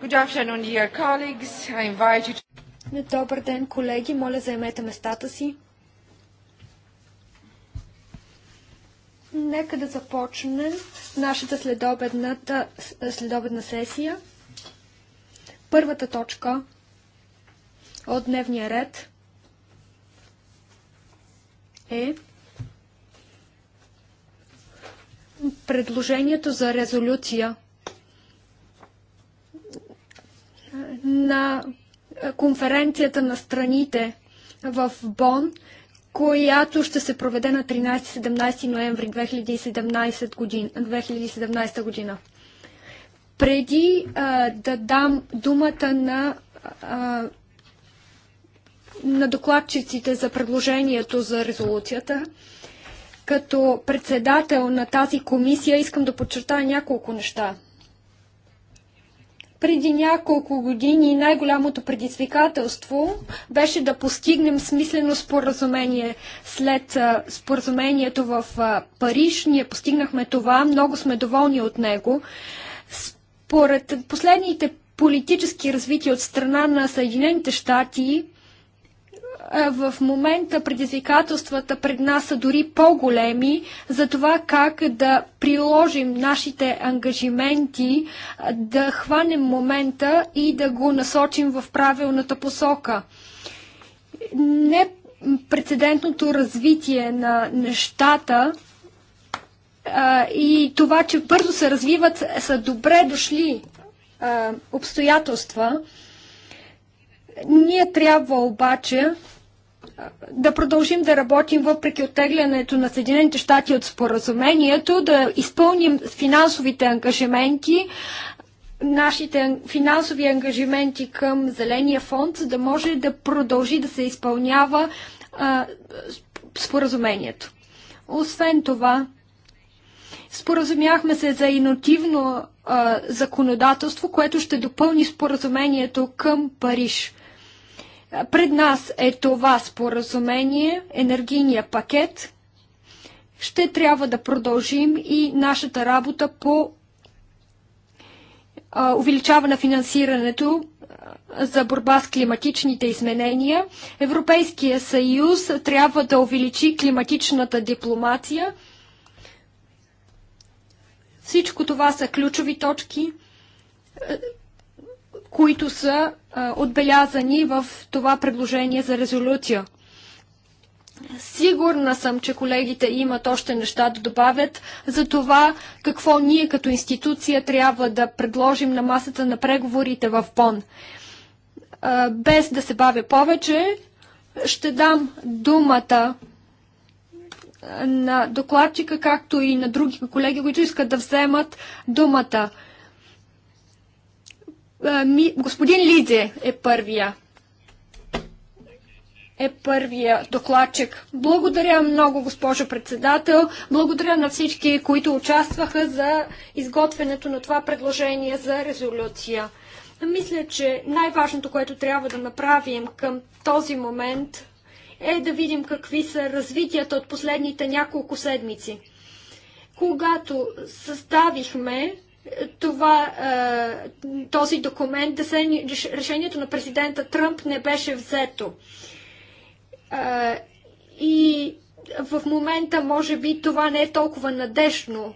Good afternoon, dear colleagues. I invite you to... Добър ден, колеги. Моля, заемете местата си. Нека да започнем нашата следобедна сесия. Първата точка от дневния ред е предложението за резолюция на конференцията на страните в Бон, която ще се проведе на 13-17 ноември 2017 година. 2017 година. Преди а, да дам думата на, а, на докладчиците за предложението за резолюцията, като председател на тази комисия искам да подчертая няколко неща. Преди няколко години най-голямото предизвикателство беше да постигнем смислено споразумение. След споразумението в Париж ние постигнахме това, много сме доволни от него. Според последните политически развития от страна на Съединените щати, в момента предизвикателствата пред нас са дори по-големи за това как да приложим нашите ангажименти, да хванем момента и да го насочим в правилната посока. Не прецедентното развитие на нещата и това, че бързо се развиват, са добре дошли обстоятелства. Ние трябва обаче да продължим да работим въпреки оттеглянето на Съединените щати от споразумението, да изпълним финансовите ангажименти, нашите финансови ангажименти към Зеления фонд, за да може да продължи да се изпълнява а, споразумението. Освен това, споразумяхме се за инотивно а, законодателство, което ще допълни споразумението към Париж – пред нас е това споразумение, енергийния пакет. Ще трябва да продължим и нашата работа по увеличаване на финансирането за борба с климатичните изменения. Европейския съюз трябва да увеличи климатичната дипломация. Всичко това са ключови точки които са а, отбелязани в това предложение за резолюция. Сигурна съм, че колегите имат още неща да добавят за това какво ние като институция трябва да предложим на масата на преговорите в ПОН. А, без да се бавя повече, ще дам думата на докладчика, както и на други колеги, които искат да вземат думата. Ми, господин Лиде е първия. Е първия докладчик. Благодаря много, госпожо председател. Благодаря на всички, които участваха за изготвянето на това предложение за резолюция. Мисля, че най-важното, което трябва да направим към този момент е да видим какви са развитията от последните няколко седмици. Когато съставихме това, е, този документ, решението на президента Тръмп не беше взето. Е, и в момента, може би, това не е толкова надежно.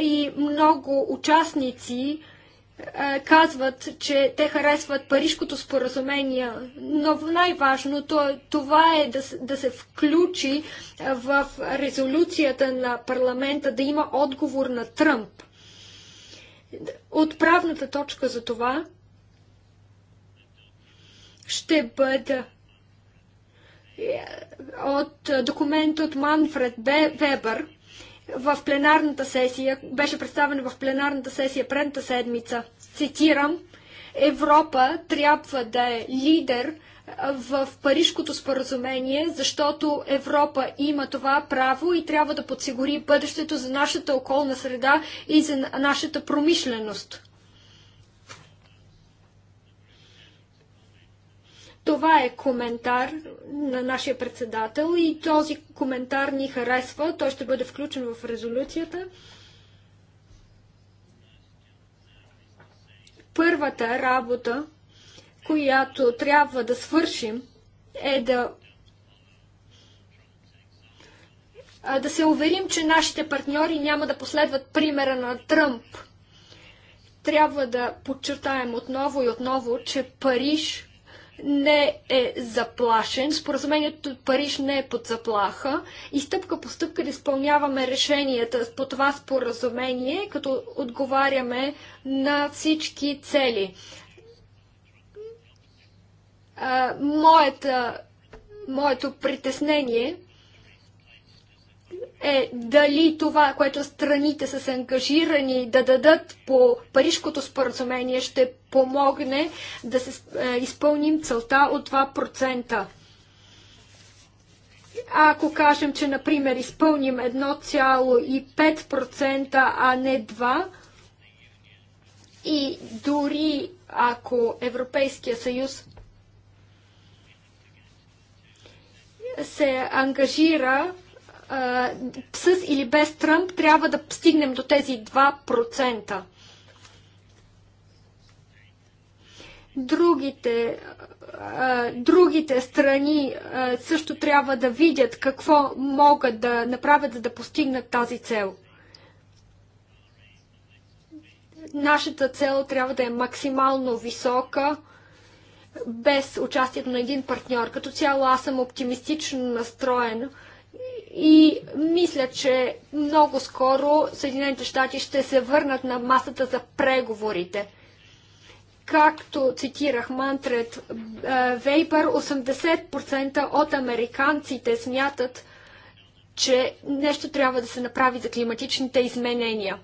И много участници е, казват, че те харесват Парижкото споразумение, но най-важното това е да, да се включи в резолюцията на парламента да има отговор на Тръмп Отправната точка за това ще бъде от е, документ от Манфред Вебър в пленарната сесия, беше представен в пленарната сесия предната седмица. Цитирам, Европа трябва да е лидер в Парижкото споразумение, защото Европа има това право и трябва да подсигури бъдещето за нашата околна среда и за нашата промишленост. Това е коментар на нашия председател и този коментар ни харесва. Той ще бъде включен в резолюцията. Първата работа, която трябва да свършим, е да да се уверим, че нашите партньори няма да последват примера на Тръмп. Трябва да подчертаем отново и отново, че Париж не е заплашен, споразумението от Париж не е под заплаха и стъпка по стъпка да изпълняваме решенията по това споразумение, като отговаряме на всички цели а, моята, моето притеснение е дали това, което страните са се ангажирани да дадат по Парижкото споразумение, ще помогне да се изпълним целта от 2%. Ако кажем, че, например, изпълним 1,5%, а не 2%, и дори ако Европейския съюз се ангажира а, с или без Тръмп, трябва да стигнем до тези 2%. Другите, другите страни също трябва да видят какво могат да направят, за да постигнат тази цел. Нашата цел трябва да е максимално висока без участието на един партньор. Като цяло аз съм оптимистично настроен и мисля, че много скоро Съединените щати ще се върнат на масата за преговорите. Както цитирах мантрет е, Вейбър, 80% от американците смятат, че нещо трябва да се направи за климатичните изменения.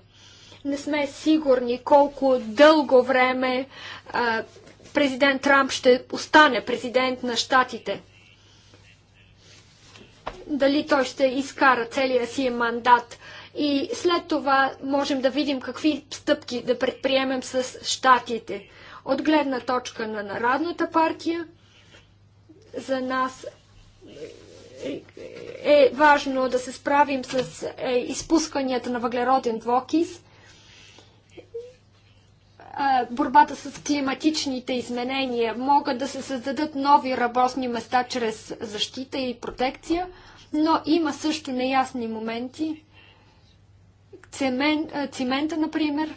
Не сме сигурни колко дълго време е, президент Трамп ще остане президент на щатите. Дали той ще изкара целия си мандат. И след това можем да видим какви стъпки да предприемем с щатите. От гледна точка на Народната партия, за нас е важно да се справим с е, изпусканията на въглероден двокис борбата с климатичните изменения. Могат да се създадат нови работни места чрез защита и протекция, но има също неясни моменти. Цемен, цимента, например.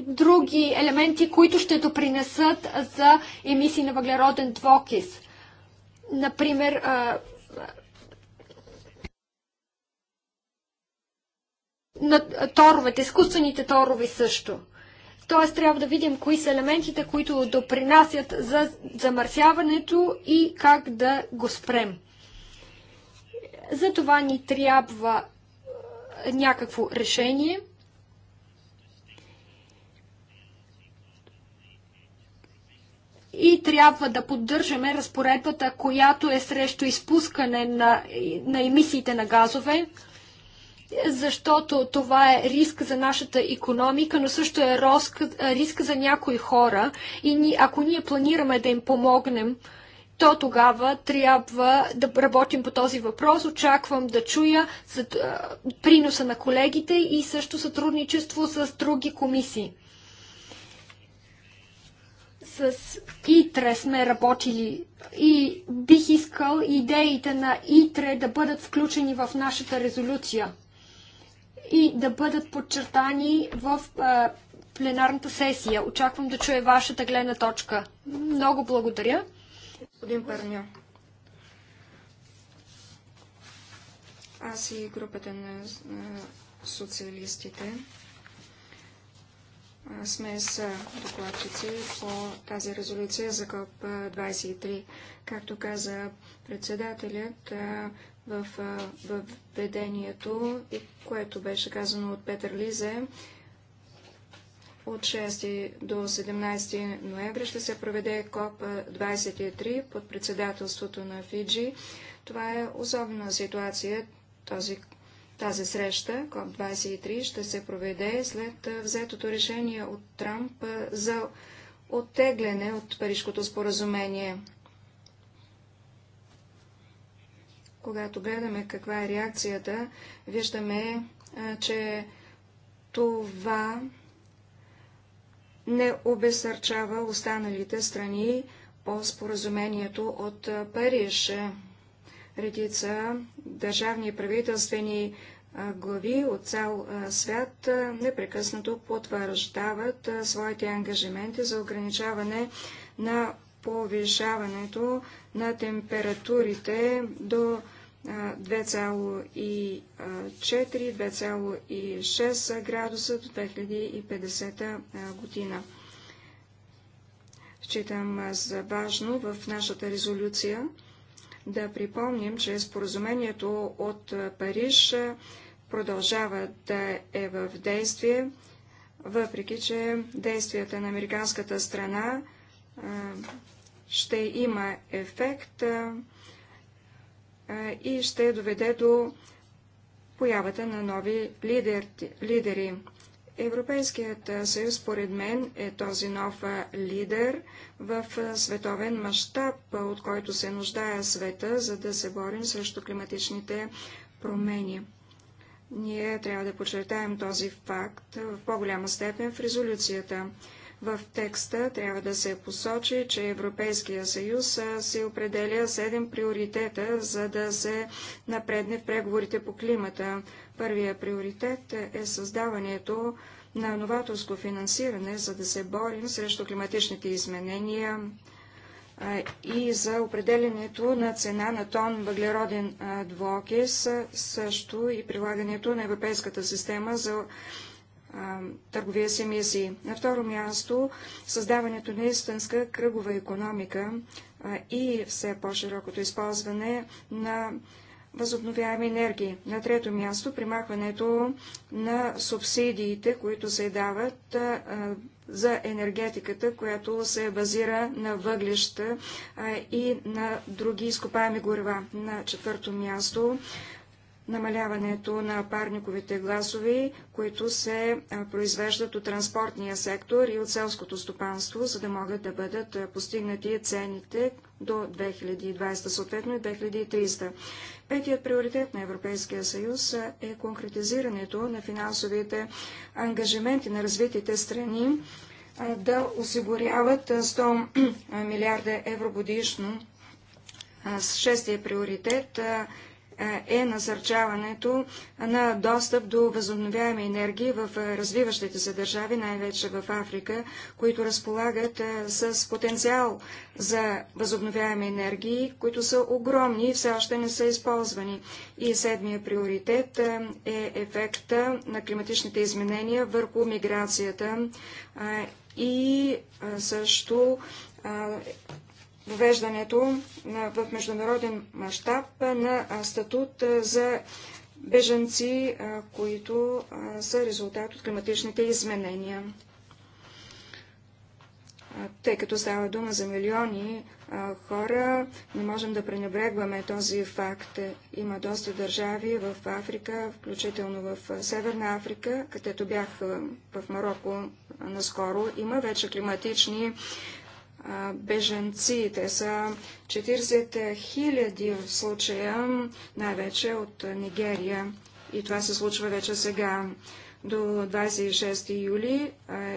Други елементи, които ще допринесат за емисии на въглероден двокис. Например, на торовете, изкуствените торове също. Тоест трябва да видим кои са елементите, които допринасят за замърсяването и как да го спрем. За това ни трябва е, някакво решение. И трябва да поддържаме разпоредбата, която е срещу изпускане на, на емисиите на газове, защото това е риск за нашата економика, но също е риск, е, риск за някои хора. И ни, ако ние планираме да им помогнем, то тогава трябва да работим по този въпрос. Очаквам да чуя за, е, приноса на колегите и също сътрудничество с други комисии. С ИТРЕ сме работили и бих искал идеите на ИТРЕ да бъдат включени в нашата резолюция и да бъдат подчертани в а, пленарната сесия. Очаквам да чуя вашата гледна точка. Много благодаря. Господин Парньо. Аз и групата на социалистите сме с докладчици по тази резолюция за КОП-23. Както каза председателят, в введението, което беше казано от Петър Лизе, от 6 до 17 ноември ще се проведе КОП-23 под председателството на Фиджи. Това е особена ситуация. Този тази среща, КОП-23, ще се проведе след взетото решение от Трамп за оттегляне от Парижкото споразумение. Когато гледаме каква е реакцията, виждаме, че това не обесърчава останалите страни по споразумението от Париж редица държавни и правителствени глави от цял свят непрекъснато потвърждават своите ангажименти за ограничаване на повишаването на температурите до 2,4-2,6 градуса до 2050 година. Считам за важно в нашата резолюция да припомним, че споразумението от Париж продължава да е в действие, въпреки че действията на американската страна ще има ефект и ще доведе до появата на нови лидери. Европейският съюз, според мен, е този нов лидер в световен мащаб, от който се нуждае света, за да се борим срещу климатичните промени. Ние трябва да подчертаем този факт в по-голяма степен в резолюцията. В текста трябва да се посочи, че Европейския съюз се определя седем приоритета, за да се напредне в преговорите по климата. Първия приоритет е създаването на новаторско финансиране, за да се борим срещу климатичните изменения и за определенето на цена на тон въглероден двуокис, също и прилагането на Европейската система за търговия с емисии. На второ място, създаването на истинска кръгова економика и все по-широкото използване на възобновяеми енергии. На трето място примахването на субсидиите, които се дават за енергетиката, която се базира на въглища и на други изкопаеми горива. На четвърто място намаляването на парниковите гласове, които се произвеждат от транспортния сектор и от селското стопанство, за да могат да бъдат постигнати цените до 2020, съответно и 2300. Петият приоритет на Европейския съюз е конкретизирането на финансовите ангажименти на развитите страни да осигуряват 100 милиарда евро годишно. Шестият шестия приоритет е насърчаването на достъп до възобновяеми енергии в развиващите се държави, най-вече в Африка, които разполагат с потенциал за възобновяеми енергии, които са огромни и все още не са използвани. И седмия приоритет е ефекта на климатичните изменения върху миграцията и също въвеждането на, в международен мащаб на статут за беженци, които са резултат от климатичните изменения. Тъй като става дума за милиони хора, не можем да пренебрегваме този факт. Има доста държави в Африка, включително в Северна Африка, където бях в Марокко наскоро. Има вече климатични беженци. Те са 40 хиляди в случая, най-вече от Нигерия. И това се случва вече сега. До 26 юли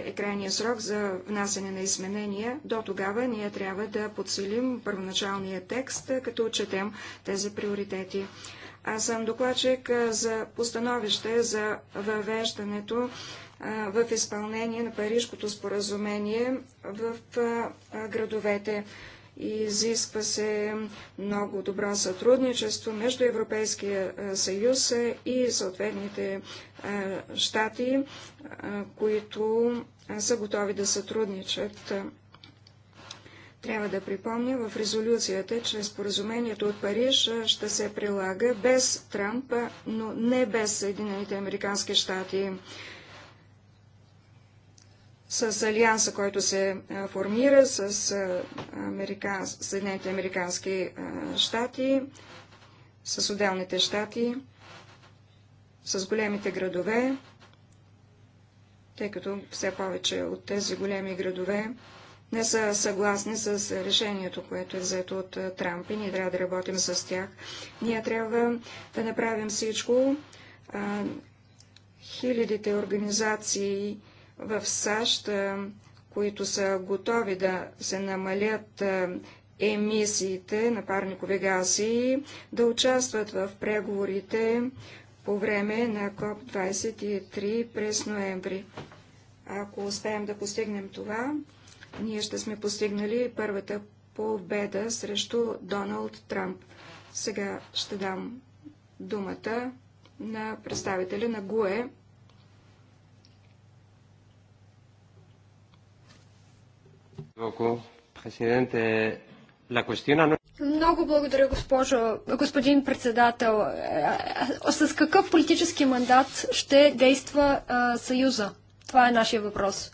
е крайния срок за внасене на изменения. До тогава ние трябва да подсилим първоначалния текст, като отчетем тези приоритети. Аз съм докладчик за постановище за въвеждането в изпълнение на Парижкото споразумение в градовете. Изисква се много добро сътрудничество между Европейския съюз и съответните щати, които са готови да сътрудничат. Трябва да припомня в резолюцията, че споразумението от Париж ще се прилага без Трамп, но не без Съединените Американски щати с алианса, който се формира с Америка... Съединените Американски щати, с отделните щати, с големите градове, тъй като все повече от тези големи градове не са съгласни с решението, което е взето от Трамп и ние трябва да работим с тях. Ние трябва да направим всичко. хилядите организации, в САЩ, които са готови да се намалят емисиите на парникови гази, да участват в преговорите по време на КОП-23 през ноември. Ако успеем да постигнем това, ние ще сме постигнали първата победа срещу Доналд Трамп. Сега ще дам думата на представителя на ГУЕ, Много благодаря, госпожо, господин председател. Е, е, с какъв политически мандат ще действа а, е, Съюза? Това е нашия въпрос.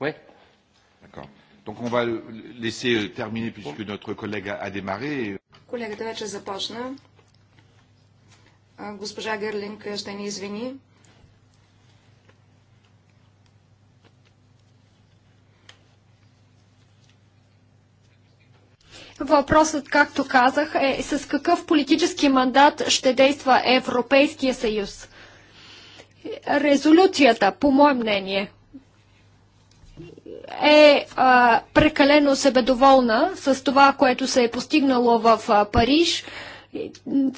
Euh, Колегата вече започна. Госпожа Герлинг, ще ни извини. Въпросът, както казах, е с какъв политически мандат ще действа Европейския съюз. Резолюцията, по мое мнение, е а, прекалено себедоволна с това, което се е постигнало в а, Париж.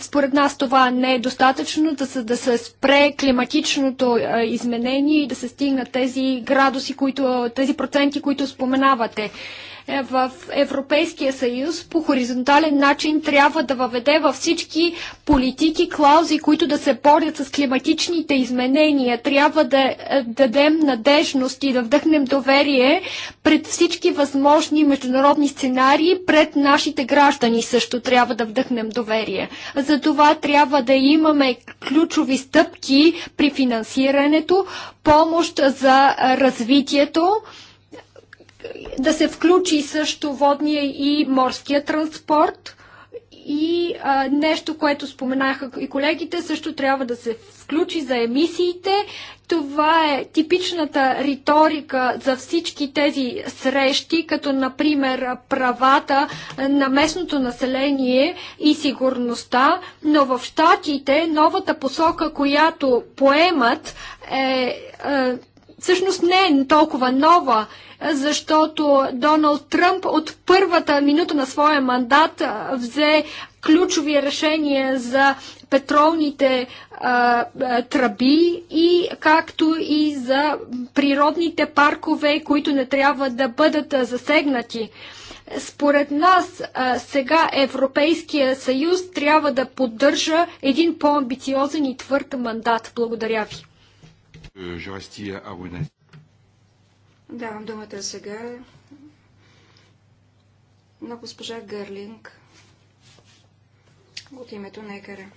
Според нас това не е достатъчно да се, да се спре климатичното изменение и да се стигнат тези градуси, които, тези проценти, които споменавате е, в Европейския съюз по хоризонтален начин трябва да въведе във всички политики клаузи, които да се борят с климатичните изменения. Трябва да е, дадем надежност и да вдъхнем доверие пред всички възможни международни сценарии, пред нашите граждани също трябва да вдъхнем доверие доверие. Затова трябва да имаме ключови стъпки при финансирането, помощ за развитието, да се включи също водния и морския транспорт. И а, нещо, което споменаха и колегите, също трябва да се включи за емисиите това е типичната риторика за всички тези срещи, като например правата на местното население и сигурността, но в Штатите новата посока, която поемат е, е всъщност не е толкова нова, защото Доналд Тръмп от първата минута на своя мандат взе ключови решения за петролните а, тръби и както и за природните паркове, които не трябва да бъдат засегнати. Според нас а, сега Европейския съюз трябва да поддържа един по-амбициозен и твърд мандат. Благодаря ви. Е, Давам думата сега на госпожа Гърлинг от името Некара.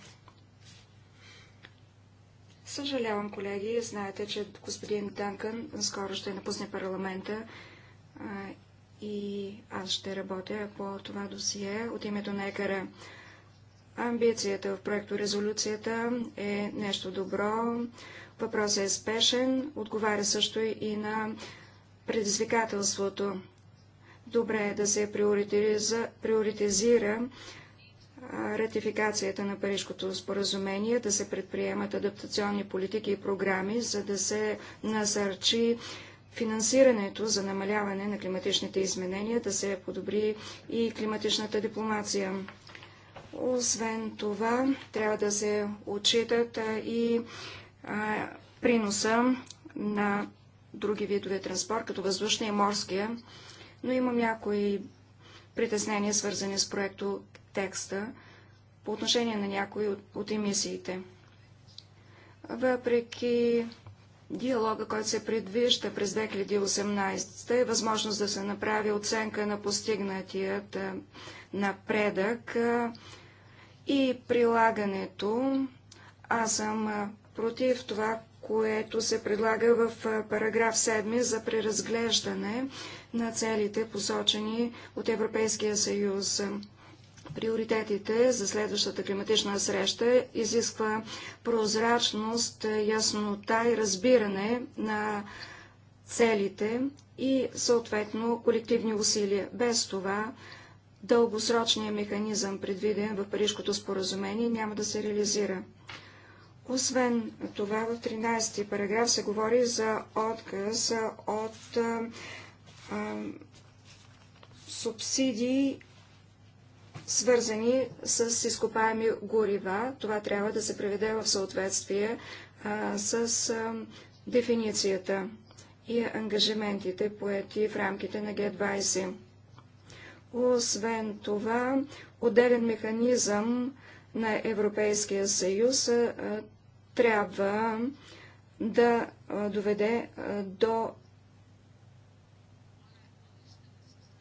Съжалявам, колеги, знаете, че господин Данкън скоро ще напусне парламента а, и аз ще работя по това досие от името на ЕКАРА. Амбицията в проекто резолюцията е нещо добро. Въпросът е спешен, отговаря също и на предизвикателството. Добре е да се приоритизира ратификацията на Парижкото споразумение, да се предприемат адаптационни политики и програми, за да се насърчи финансирането за намаляване на климатичните изменения, да се подобри и климатичната дипломация. Освен това, трябва да се отчитат и приноса на други видове транспорт, като въздушния и морския, но имам някои притеснения, свързани с проекто текста по отношение на някои от, от емисиите. Въпреки диалога, който се предвижда през 2018, е възможност да се направи оценка на постигнатият напредък и прилагането. Аз съм против това, което се предлага в параграф 7 за преразглеждане на целите, посочени от Европейския съюз. Приоритетите за следващата климатична среща изисква прозрачност, яснота и разбиране на целите и съответно колективни усилия. Без това дългосрочният механизъм, предвиден в Парижкото споразумение, няма да се реализира. Освен това, в 13 параграф се говори за отказ от а, а, субсидии, свързани с изкопаеми горива. Това трябва да се приведе в съответствие а, с а, дефиницията и ангажиментите, поети в рамките на Г-20. Освен това, отделен механизъм на Европейския съюз а, трябва да доведе до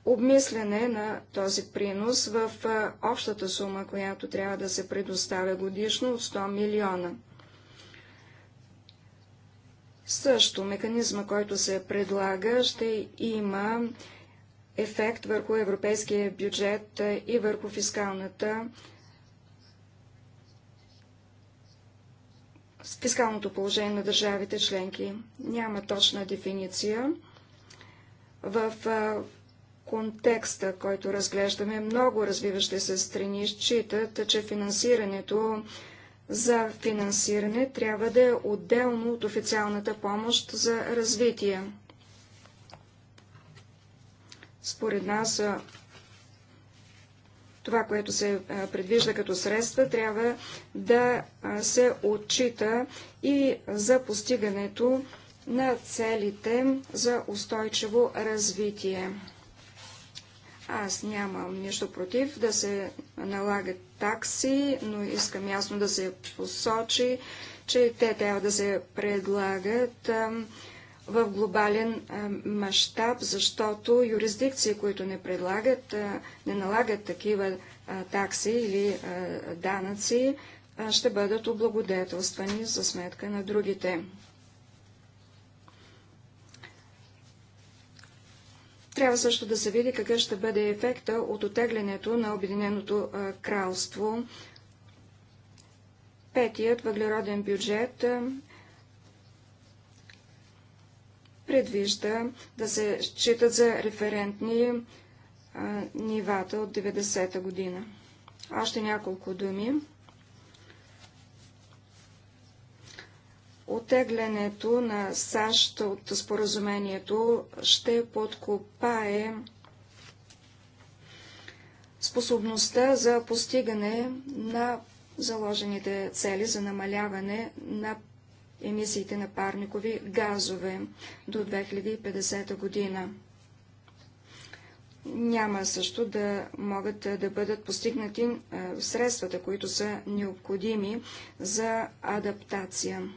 обмислене на този принос в общата сума, която трябва да се предоставя годишно от 100 милиона. Също механизма, който се предлага, ще има ефект върху европейския бюджет и върху фискалната фискалното положение на държавите членки. Няма точна дефиниция. В контекста, който разглеждаме, много развиващи се страни считат, че финансирането за финансиране трябва да е отделно от официалната помощ за развитие. Според нас това, което се предвижда като средства, трябва да се отчита и за постигането на целите за устойчиво развитие. Аз нямам нищо против да се налагат такси, но искам ясно да се посочи, че те трябва да се предлагат в глобален мащаб, защото юрисдикции, които не предлагат, не налагат такива такси или данъци, ще бъдат облагодетелствани за сметка на другите. Трябва също да се види какъв ще бъде ефекта от отеглянето на Обединеното кралство. Петият въглероден бюджет предвижда да се считат за референтни нивата от 90-та година. Още няколко думи. Отеглянето на САЩ от споразумението ще подкопае способността за постигане на заложените цели за намаляване на емисиите на парникови газове до 2050 година. Няма също да могат да бъдат постигнати средствата, които са необходими за адаптация.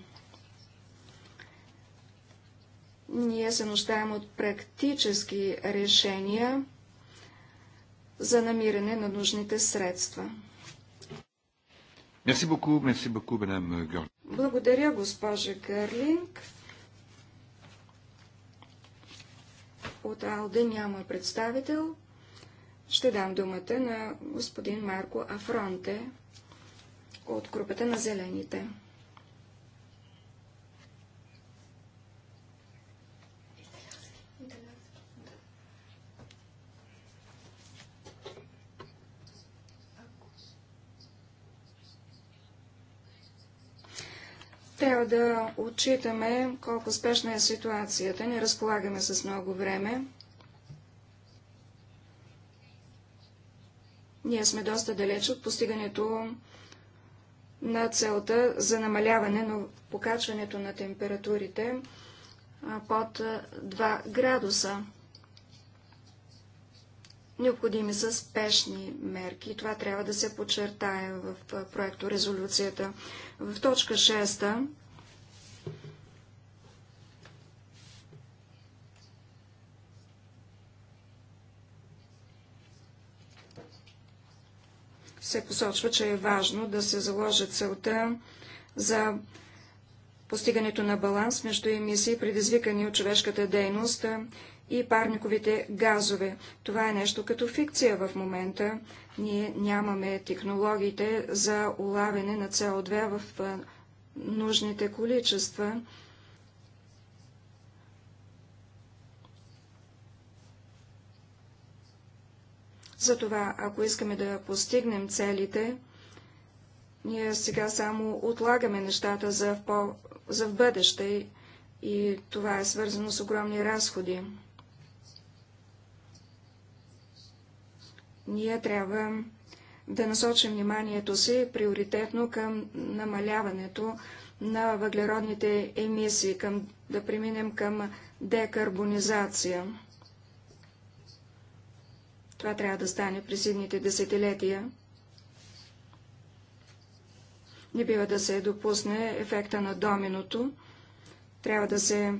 Ние се нуждаем от практически решения за намиране на нужните средства. Merci beaucoup, merci beaucoup, благодаря, госпожа Кърлинг. От Алде няма представител. Ще дам думата на господин Марко Афронте от групата на Зелените. Трябва да отчитаме колко спешна е ситуацията. Не разполагаме с много време. Ние сме доста далеч от постигането на целта за намаляване на покачването на температурите под 2 градуса. Необходими са спешни мерки. Това трябва да се подчертае в проекто резолюцията. В точка 6 се посочва, че е важно да се заложи целта за постигането на баланс между емисии, предизвикани от човешката дейност и парниковите газове. Това е нещо като фикция в момента. Ние нямаме технологиите за улавяне на CO2 в нужните количества. Затова, ако искаме да постигнем целите, ние сега само отлагаме нещата за в, по... за в бъдеще и това е свързано с огромни разходи. Ние трябва да насочим вниманието си приоритетно към намаляването на въглеродните емисии, към, да преминем към декарбонизация. Това трябва да стане през едните десетилетия. Не бива да се допусне ефекта на доминото. Трябва да се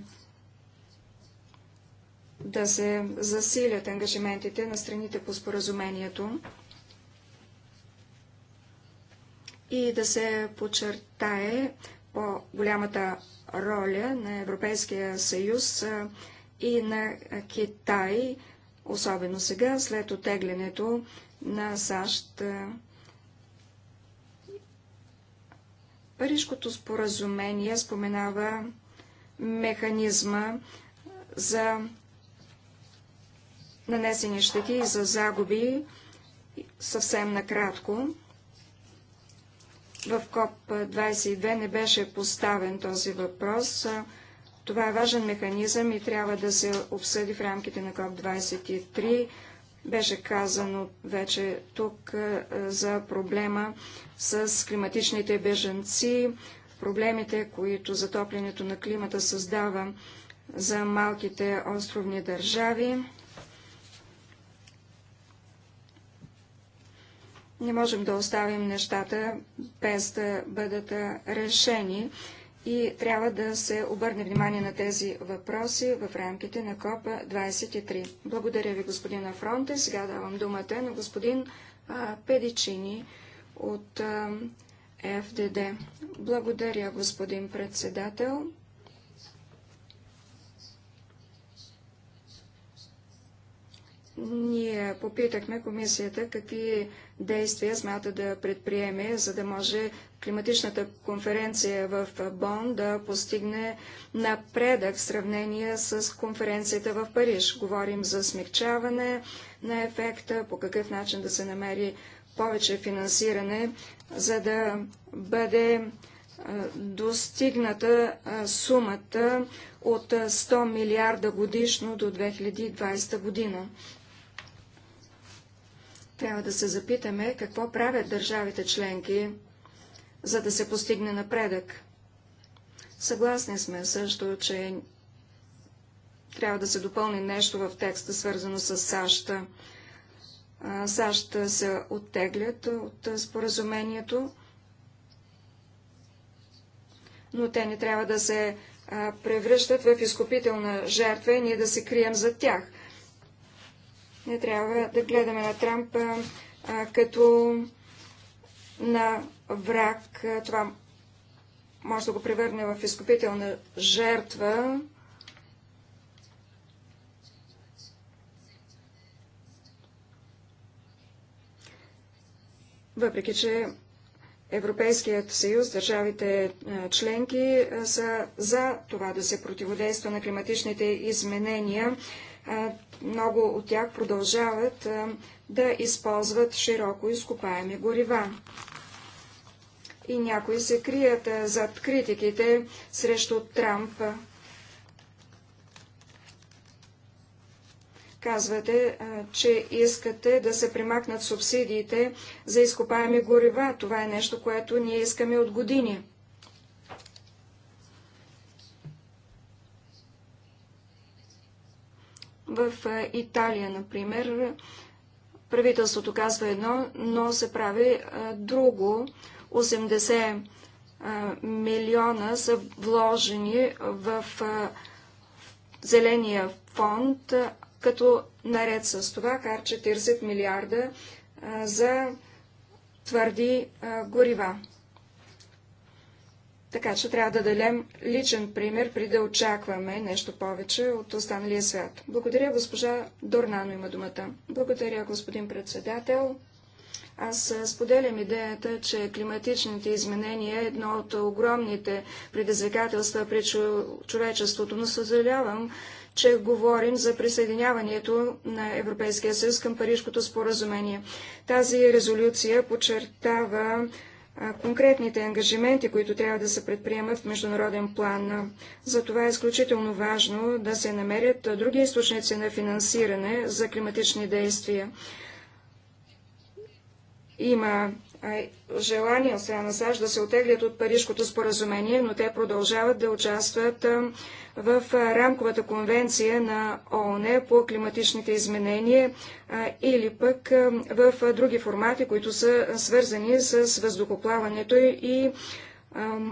да се засилят ангажиментите на страните по споразумението и да се подчертае по-голямата роля на Европейския съюз и на Китай, особено сега, след отеглянето на САЩ. Парижкото споразумение споменава механизма за нанесени щети и за загуби съвсем накратко. В КОП-22 не беше поставен този въпрос. Това е важен механизъм и трябва да се обсъди в рамките на КОП-23. Беше казано вече тук е, за проблема с климатичните беженци, проблемите, които затоплянето на климата създава за малките островни държави. Не можем да оставим нещата без да бъдат решени и трябва да се обърне внимание на тези въпроси в рамките на КОПа 23. Благодаря ви, господин Афронте. Сега давам думата на господин а, Педичини от а, ФДД. Благодаря, господин председател. Ние попитахме комисията какви действия смята да предприеме, за да може климатичната конференция в Бон да постигне напредък в сравнение с конференцията в Париж. Говорим за смягчаване на ефекта, по какъв начин да се намери повече финансиране, за да бъде достигната сумата от 100 милиарда годишно до 2020 година. Трябва да се запитаме какво правят държавите членки, за да се постигне напредък. Съгласни сме също, че трябва да се допълни нещо в текста, свързано с САЩ. САЩ се оттеглят от споразумението, но те не трябва да се превръщат в изкупителна жертва и ние да се крием за тях. Не трябва да гледаме на Трамп а, като на враг. Това може да го превърне в изкупителна жертва. Въпреки, че Европейският съюз, държавите членки са за това да се противодейства на климатичните изменения много от тях продължават да използват широко изкопаеми горива. И някои се крият зад критиките срещу Трамп. Казвате, че искате да се примакнат субсидиите за изкопаеми горива. Това е нещо, което ние искаме от години. В Италия, например, правителството казва едно, но се прави друго. 80 милиона са вложени в зеления фонд, като наред с това кар 40 милиарда за твърди горива. Така че трябва да дадем личен пример, при да очакваме нещо повече от останалия свят. Благодаря, госпожа Дорнано има думата. Благодаря, господин председател. Аз споделям идеята, че климатичните изменения е едно от огромните предизвикателства при човечеството, но съжалявам, че говорим за присъединяването на Европейския съюз към Парижкото споразумение. Тази резолюция подчертава конкретните ангажименти, които трябва да се предприемат в международен план. Затова е изключително важно да се намерят други източници на финансиране за климатични действия. Има желание от страна на САЩ да се отеглят от Парижкото споразумение, но те продължават да участват в рамковата конвенция на ООН по климатичните изменения или пък в други формати, които са свързани с въздухоплаването и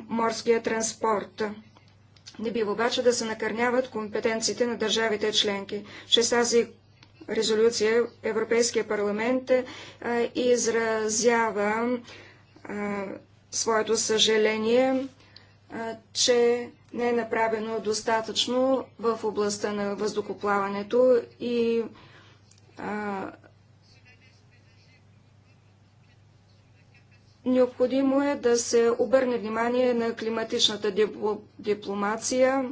морския транспорт. Не бива обаче да се накърняват компетенциите на държавите членки. Чрез тази резолюция Европейския парламент изразява своето съжаление, че не е направено достатъчно в областта на въздухоплаването и Необходимо е да се обърне внимание на климатичната дипломация,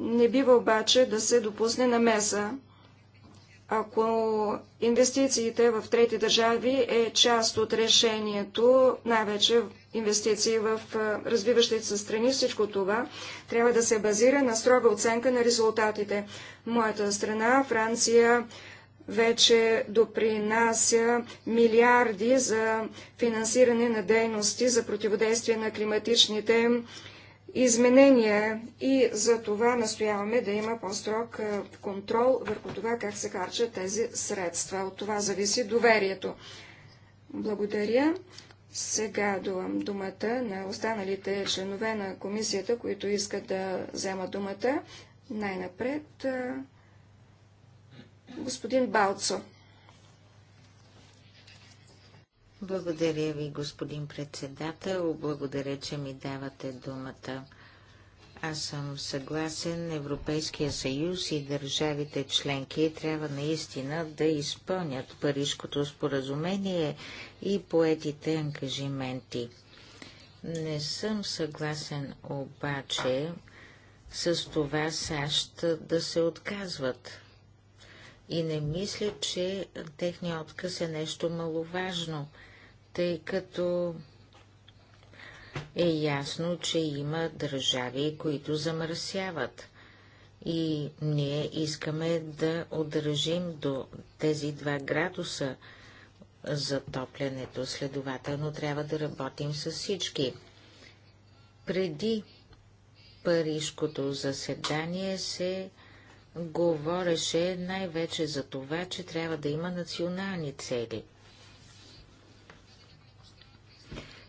не бива обаче да се допусне намеса. Ако инвестициите в трети държави е част от решението, най-вече инвестиции в развиващите се страни, всичко това трябва да се базира на строга оценка на резултатите. Моята страна, Франция, вече допринася милиарди за финансиране на дейности за противодействие на климатичните изменения и за това настояваме да има по-строг е, контрол върху това как се харчат тези средства. От това зависи доверието. Благодаря. Сега давам думата на останалите членове на комисията, които искат да вземат думата. Най-напред е, господин Балцо. Благодаря ви, господин председател. Благодаря, че ми давате думата. Аз съм съгласен, Европейския съюз и държавите членки трябва наистина да изпълнят Парижското споразумение и поетите ангажименти. Не съм съгласен обаче с това САЩ да се отказват. И не мисля, че техният отказ е нещо маловажно – тъй като е ясно, че има държави, които замърсяват. И ние искаме да удържим до тези 2 градуса затоплянето. Следователно трябва да работим с всички. Преди парижкото заседание се говореше най-вече за това, че трябва да има национални цели –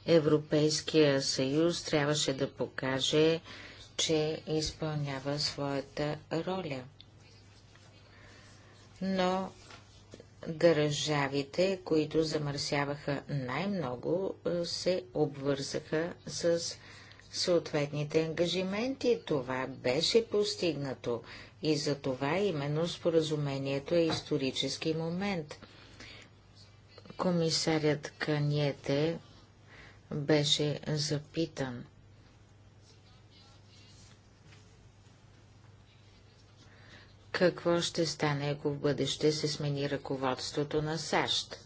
Европейския съюз трябваше да покаже, че изпълнява своята роля. Но държавите, които замърсяваха най-много, е, се обвързаха с съответните ангажименти. Това беше постигнато и за това именно споразумението е исторически момент. Комисарят Каниете беше запитан. Какво ще стане, ако в бъдеще се смени ръководството на САЩ?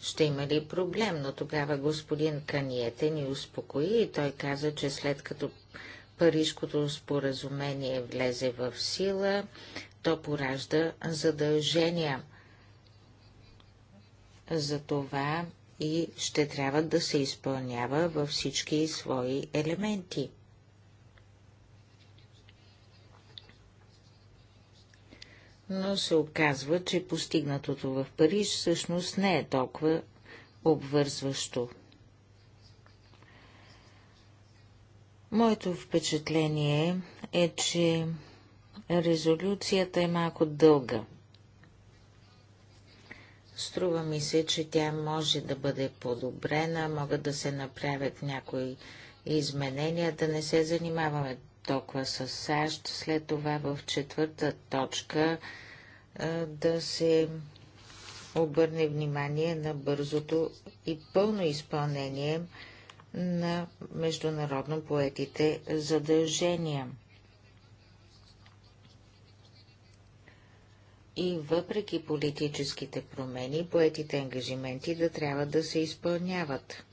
Ще има ли проблем, но тогава господин Каниете ни успокои и той каза, че след като Парижкото споразумение влезе в сила, то поражда задължения. Затова и ще трябва да се изпълнява във всички свои елементи. Но се оказва, че постигнатото в Париж всъщност не е толкова обвързващо. Моето впечатление е, че резолюцията е малко дълга. Струва ми се, че тя може да бъде подобрена, могат да се направят някои изменения, да не се занимаваме толкова с САЩ. След това в четвърта точка да се обърне внимание на бързото и пълно изпълнение на международно поетите задължения. и въпреки политическите промени, поетите ангажименти да трябва да се изпълняват.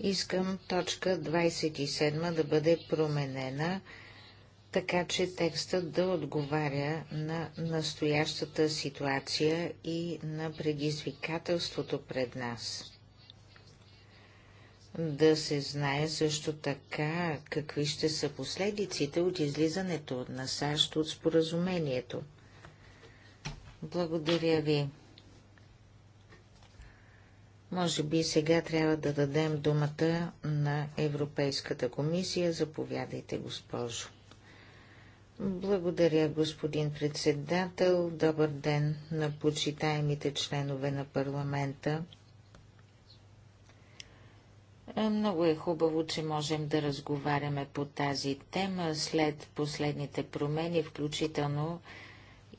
Искам точка 27 да бъде променена, така че текстът да отговаря на настоящата ситуация и на предизвикателството пред нас да се знае също така какви ще са последиците от излизането на САЩ от споразумението. Благодаря ви. Може би сега трябва да дадем думата на Европейската комисия. Заповядайте, госпожо. Благодаря, господин председател. Добър ден на почитаемите членове на парламента. Е, много е хубаво, че можем да разговаряме по тази тема след последните промени, включително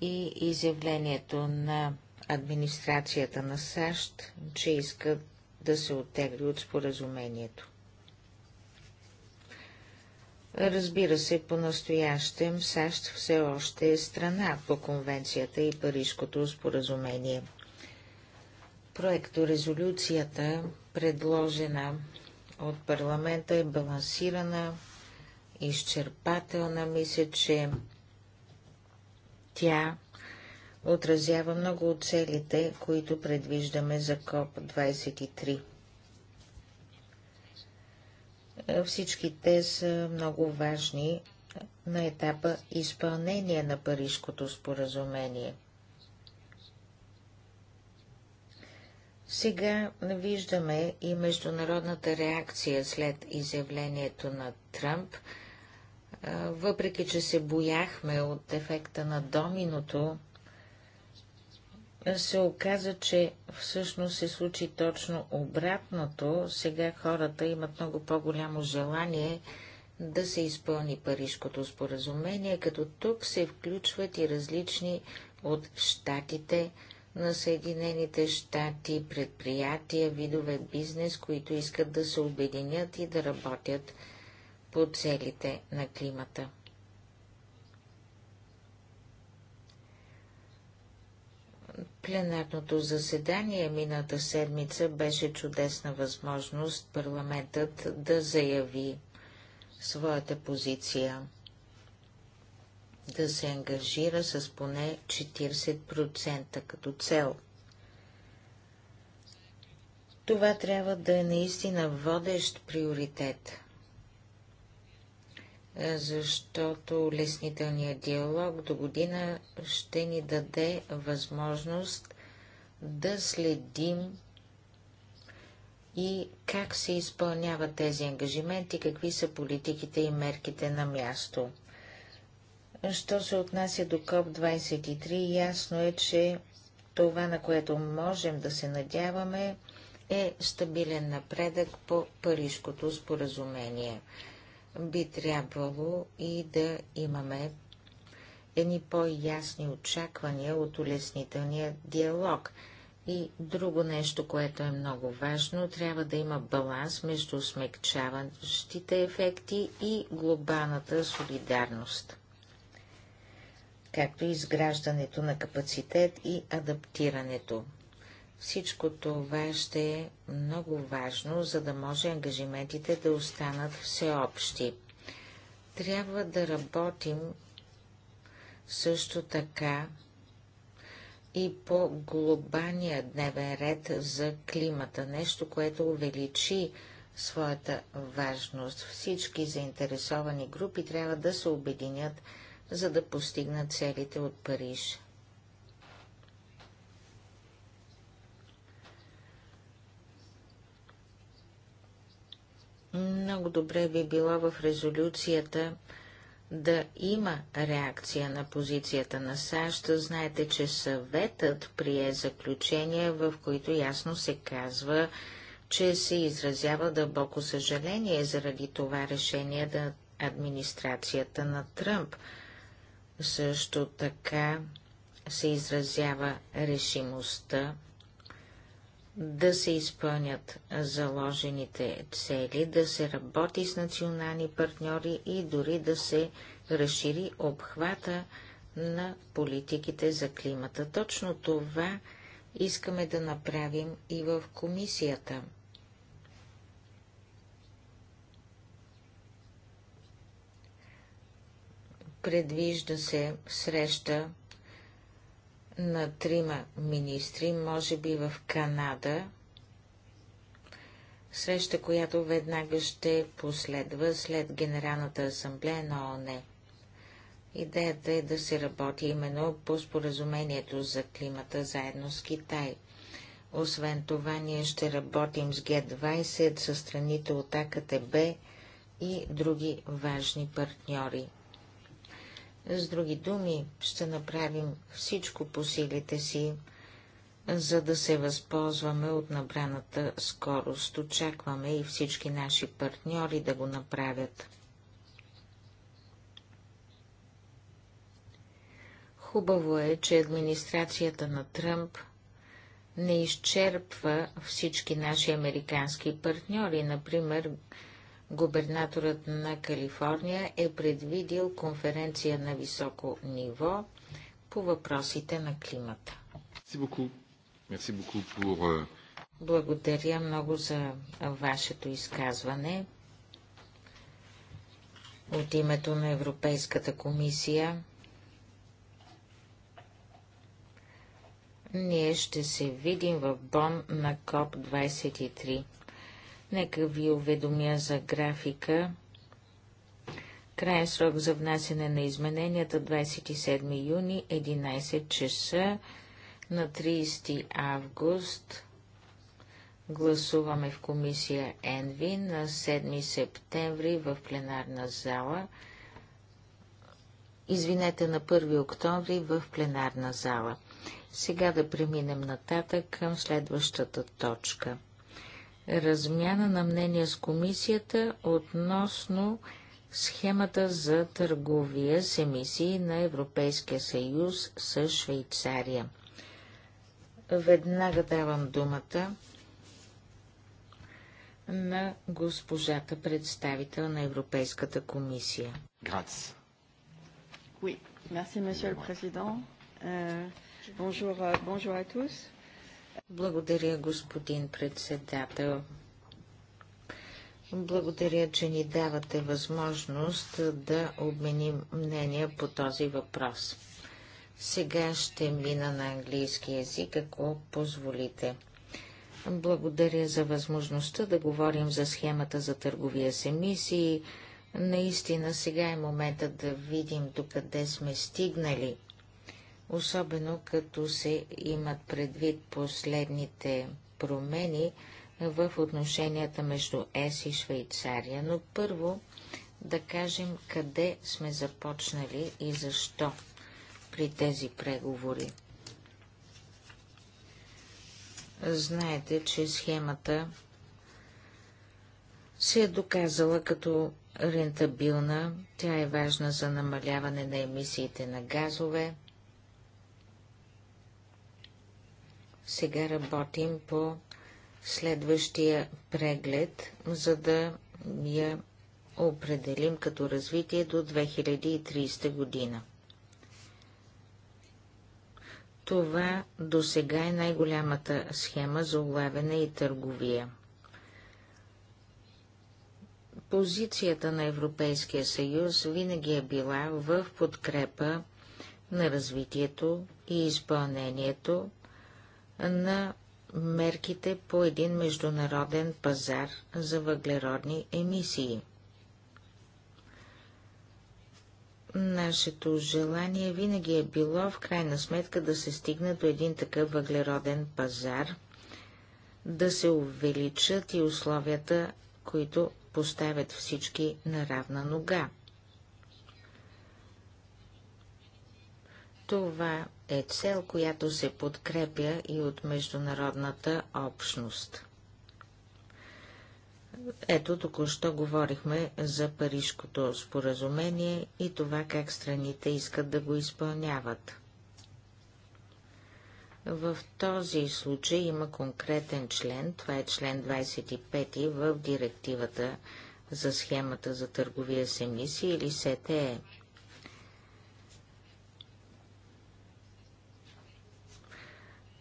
и изявлението на администрацията на САЩ, че иска да се оттегли от споразумението. Разбира се, по-настоящем САЩ все още е страна по конвенцията и Парижското споразумение. Проекторезолюцията, предложена от парламента е балансирана, изчерпателна. Мисля, че тя отразява много от целите, които предвиждаме за КОП-23. Всички те са много важни на етапа изпълнение на Парижското споразумение – Сега виждаме и международната реакция след изявлението на Трамп. Въпреки, че се бояхме от ефекта на доминото, се оказа, че всъщност се случи точно обратното. Сега хората имат много по-голямо желание да се изпълни Парижкото споразумение, като тук се включват и различни от щатите на Съединените щати, предприятия, видове бизнес, които искат да се обединят и да работят по целите на климата. Пленарното заседание мината седмица беше чудесна възможност парламентът да заяви своята позиция да се ангажира с поне 40% като цел. Това трябва да е наистина водещ приоритет, защото леснителният диалог до година ще ни даде възможност да следим и как се изпълняват тези ангажименти, какви са политиките и мерките на място. Що се отнася до КОП-23, ясно е, че това, на което можем да се надяваме, е стабилен напредък по Парижкото споразумение. Би трябвало и да имаме едни по-ясни очаквания от улеснителния диалог. И друго нещо, което е много важно, трябва да има баланс между смекчаващите ефекти и глобалната солидарност както и изграждането на капацитет и адаптирането. Всичко това ще е много важно, за да може ангажиментите да останат всеобщи. Трябва да работим също така и по глобалния дневен ред за климата, нещо, което увеличи своята важност. Всички заинтересовани групи трябва да се обединят за да постигна целите от Париж. Много добре би била в резолюцията да има реакция на позицията на САЩ. Знаете, че съветът прие заключения, в които ясно се казва, че се изразява дълбоко съжаление заради това решение на администрацията на Тръмп – също така се изразява решимостта да се изпълнят заложените цели, да се работи с национални партньори и дори да се разшири обхвата на политиките за климата. Точно това искаме да направим и в комисията. Предвижда се среща на трима министри, може би в Канада, среща, която веднага ще последва след Генералната асамблея на ООН. Идеята е да се работи именно по споразумението за климата заедно с Китай. Освен това, ние ще работим с Г-20, със страните от АКТБ и други важни партньори. С други думи, ще направим всичко по силите си, за да се възползваме от набраната скорост. Очакваме и всички наши партньори да го направят. Хубаво е, че администрацията на Тръмп не изчерпва всички наши американски партньори. Например, губернаторът на Калифорния е предвидил конференция на високо ниво по въпросите на климата. Euh, Благодаря много за вашето изказване. От името на Европейската комисия ние ще се видим в Бон на КОП 23. Нека ви уведомя за графика. Крайен срок за внасяне на измененията 27 юни 11 часа на 30 август. Гласуваме в комисия ЕНВИ на 7 септември в пленарна зала. Извинете, на 1 октомври в пленарна зала. Сега да преминем нататък към следващата точка – размяна на мнение с комисията относно схемата за търговия с емисии на Европейския съюз с Швейцария. Веднага давам думата на госпожата представител на Европейската комисия. Грац. Oui, merci, monsieur le président. Euh, bonjour, euh, bonjour à tous. Благодаря, господин председател. Благодаря, че ни давате възможност да обменим мнения по този въпрос. Сега ще мина на английски язик, ако позволите. Благодаря за възможността да говорим за схемата за търговия с емисии. Наистина сега е момента да видим докъде сме стигнали – особено като се имат предвид последните промени в отношенията между ЕС и Швейцария. Но първо да кажем къде сме започнали и защо при тези преговори. Знаете, че схемата се е доказала като рентабилна. Тя е важна за намаляване на емисиите на газове, Сега работим по следващия преглед, за да я определим като развитие до 2030 година. Това до сега е най-голямата схема за улавяне и търговия. Позицията на Европейския съюз винаги е била в подкрепа на развитието и изпълнението на мерките по един международен пазар за въглеродни емисии. Нашето желание винаги е било в крайна сметка да се стигне до един такъв въглероден пазар, да се увеличат и условията, които поставят всички на равна нога. Това е цел, която се подкрепя и от международната общност. Ето, току-що говорихме за Парижкото споразумение и това как страните искат да го изпълняват. В този случай има конкретен член, това е член 25 в директивата за схемата за търговия с емисии или СТЕ.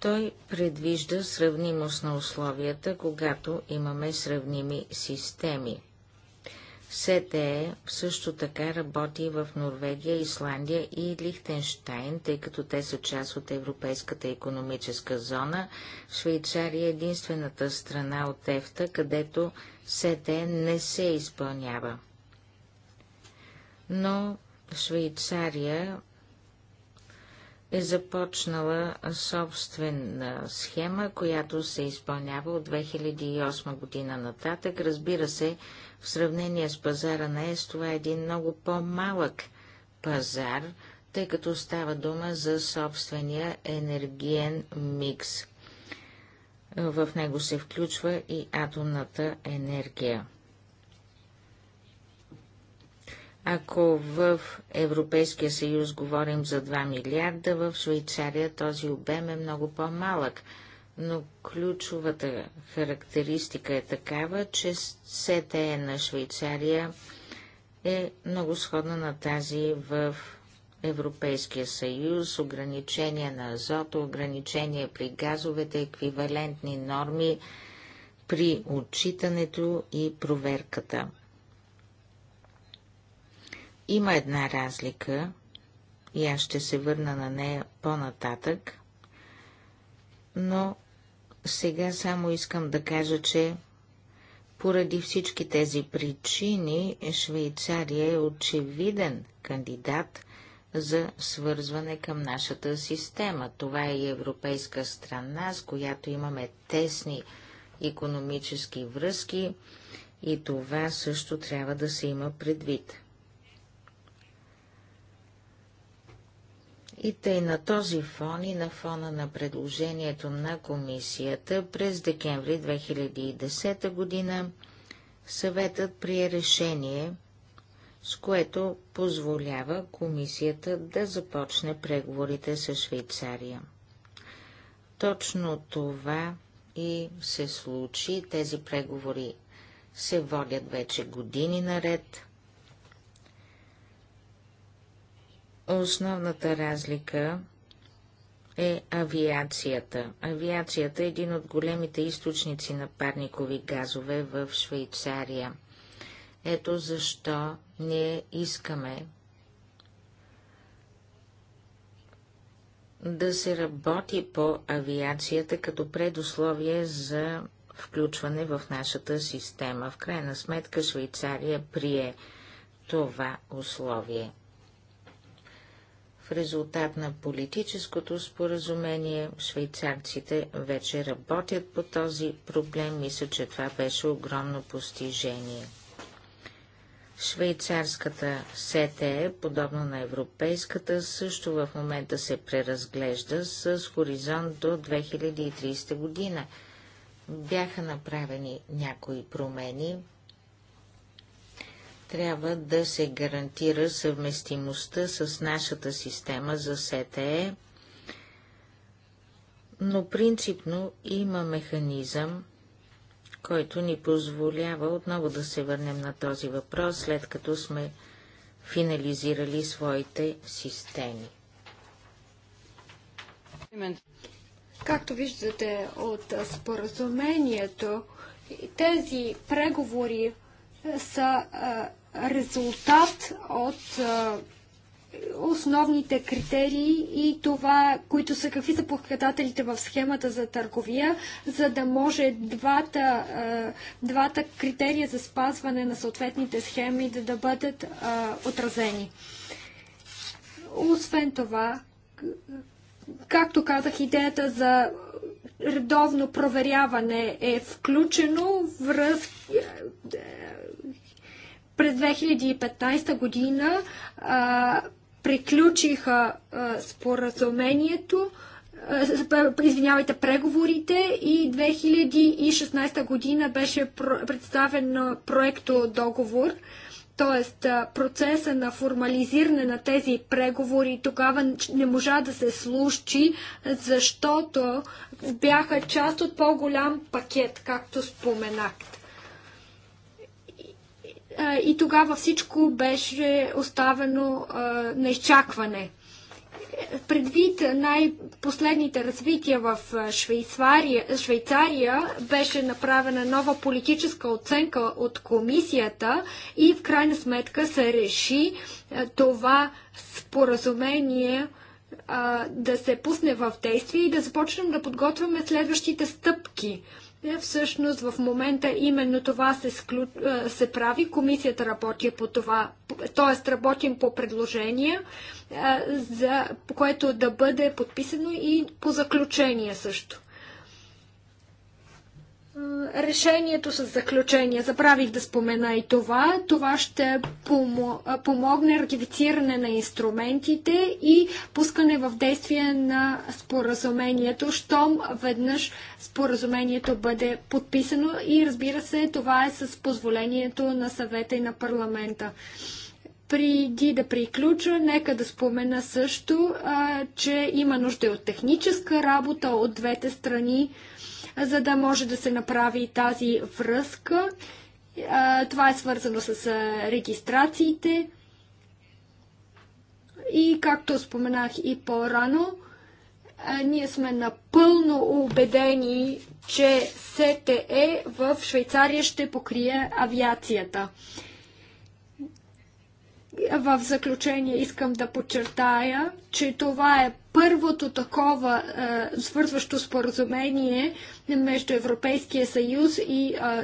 Той предвижда сравнимост на условията, когато имаме сравними системи. СТЕ също така работи в Норвегия, Исландия и Лихтенштайн, тъй като те са част от Европейската економическа зона. Швейцария е единствената страна от ЕФТА, където СТЕ не се изпълнява. Но Швейцария е започнала собствена схема, която се изпълнява от 2008 година нататък. Разбира се, в сравнение с пазара на ЕС, това е един много по-малък пазар, тъй като става дума за собствения енергиен микс. В него се включва и атомната енергия. Ако в Европейския съюз говорим за 2 милиарда, в Швейцария този обем е много по-малък. Но ключовата характеристика е такава, че СТЕ на Швейцария е много сходна на тази в Европейския съюз, ограничения на азото, ограничения при газовете, еквивалентни норми при отчитането и проверката. Има една разлика и аз ще се върна на нея по-нататък, но сега само искам да кажа, че поради всички тези причини Швейцария е очевиден кандидат за свързване към нашата система. Това е и европейска страна, с която имаме тесни економически връзки и това също трябва да се има предвид. И тъй на този фон и на фона на предложението на комисията през декември 2010 година съветът прие решение, с което позволява комисията да започне преговорите с Швейцария. Точно това и се случи. Тези преговори се водят вече години наред. Основната разлика е авиацията. Авиацията е един от големите източници на парникови газове в Швейцария. Ето защо ние искаме да се работи по авиацията като предусловие за включване в нашата система. В крайна сметка Швейцария прие това условие. В резултат на политическото споразумение швейцарците вече работят по този проблем. Мисля, че това беше огромно постижение. Швейцарската СТЕ, подобно на европейската, също в момента се преразглежда с хоризонт до 2030 година. Бяха направени някои промени, трябва да се гарантира съвместимостта с нашата система за СТЕ, но принципно има механизъм, който ни позволява отново да се върнем на този въпрос, след като сме финализирали своите системи. Както виждате от споразумението, тези преговори са резултат от основните критерии и това, които са, какви са показателите в схемата за търговия, за да може двата, двата критерия за спазване на съответните схеми да, да бъдат а, отразени. Освен това, както казах, идеята за редовно проверяване е включено връзки през 2015 година а, приключиха а, споразумението, а, извинявайте, преговорите и 2016 година беше представен проекто договор т.е. процеса на формализиране на тези преговори тогава не можа да се случи, защото бяха част от по-голям пакет, както споменахте и тогава всичко беше оставено на изчакване. Предвид най-последните развития в Швейцария, Швейцария беше направена нова политическа оценка от комисията и в крайна сметка се реши това споразумение да се пусне в действие и да започнем да подготвяме следващите стъпки. Е, всъщност в момента именно това се, склю... Е, се прави. Комисията работи по това, т.е. работим по предложения, е, за което да бъде подписано и по заключение също решението с заключение. Забравих да спомена и това. Това ще помогне ратифициране на инструментите и пускане в действие на споразумението, щом веднъж споразумението бъде подписано и разбира се, това е с позволението на съвета и на парламента. Преди да приключа, нека да спомена също, че има нужда от техническа работа от двете страни за да може да се направи тази връзка. Това е свързано с регистрациите. И както споменах и по-рано, ние сме напълно убедени, че СТЕ в Швейцария ще покрие авиацията. В заключение искам да подчертая, че това е първото такова е, свързващо споразумение между Европейския съюз и а,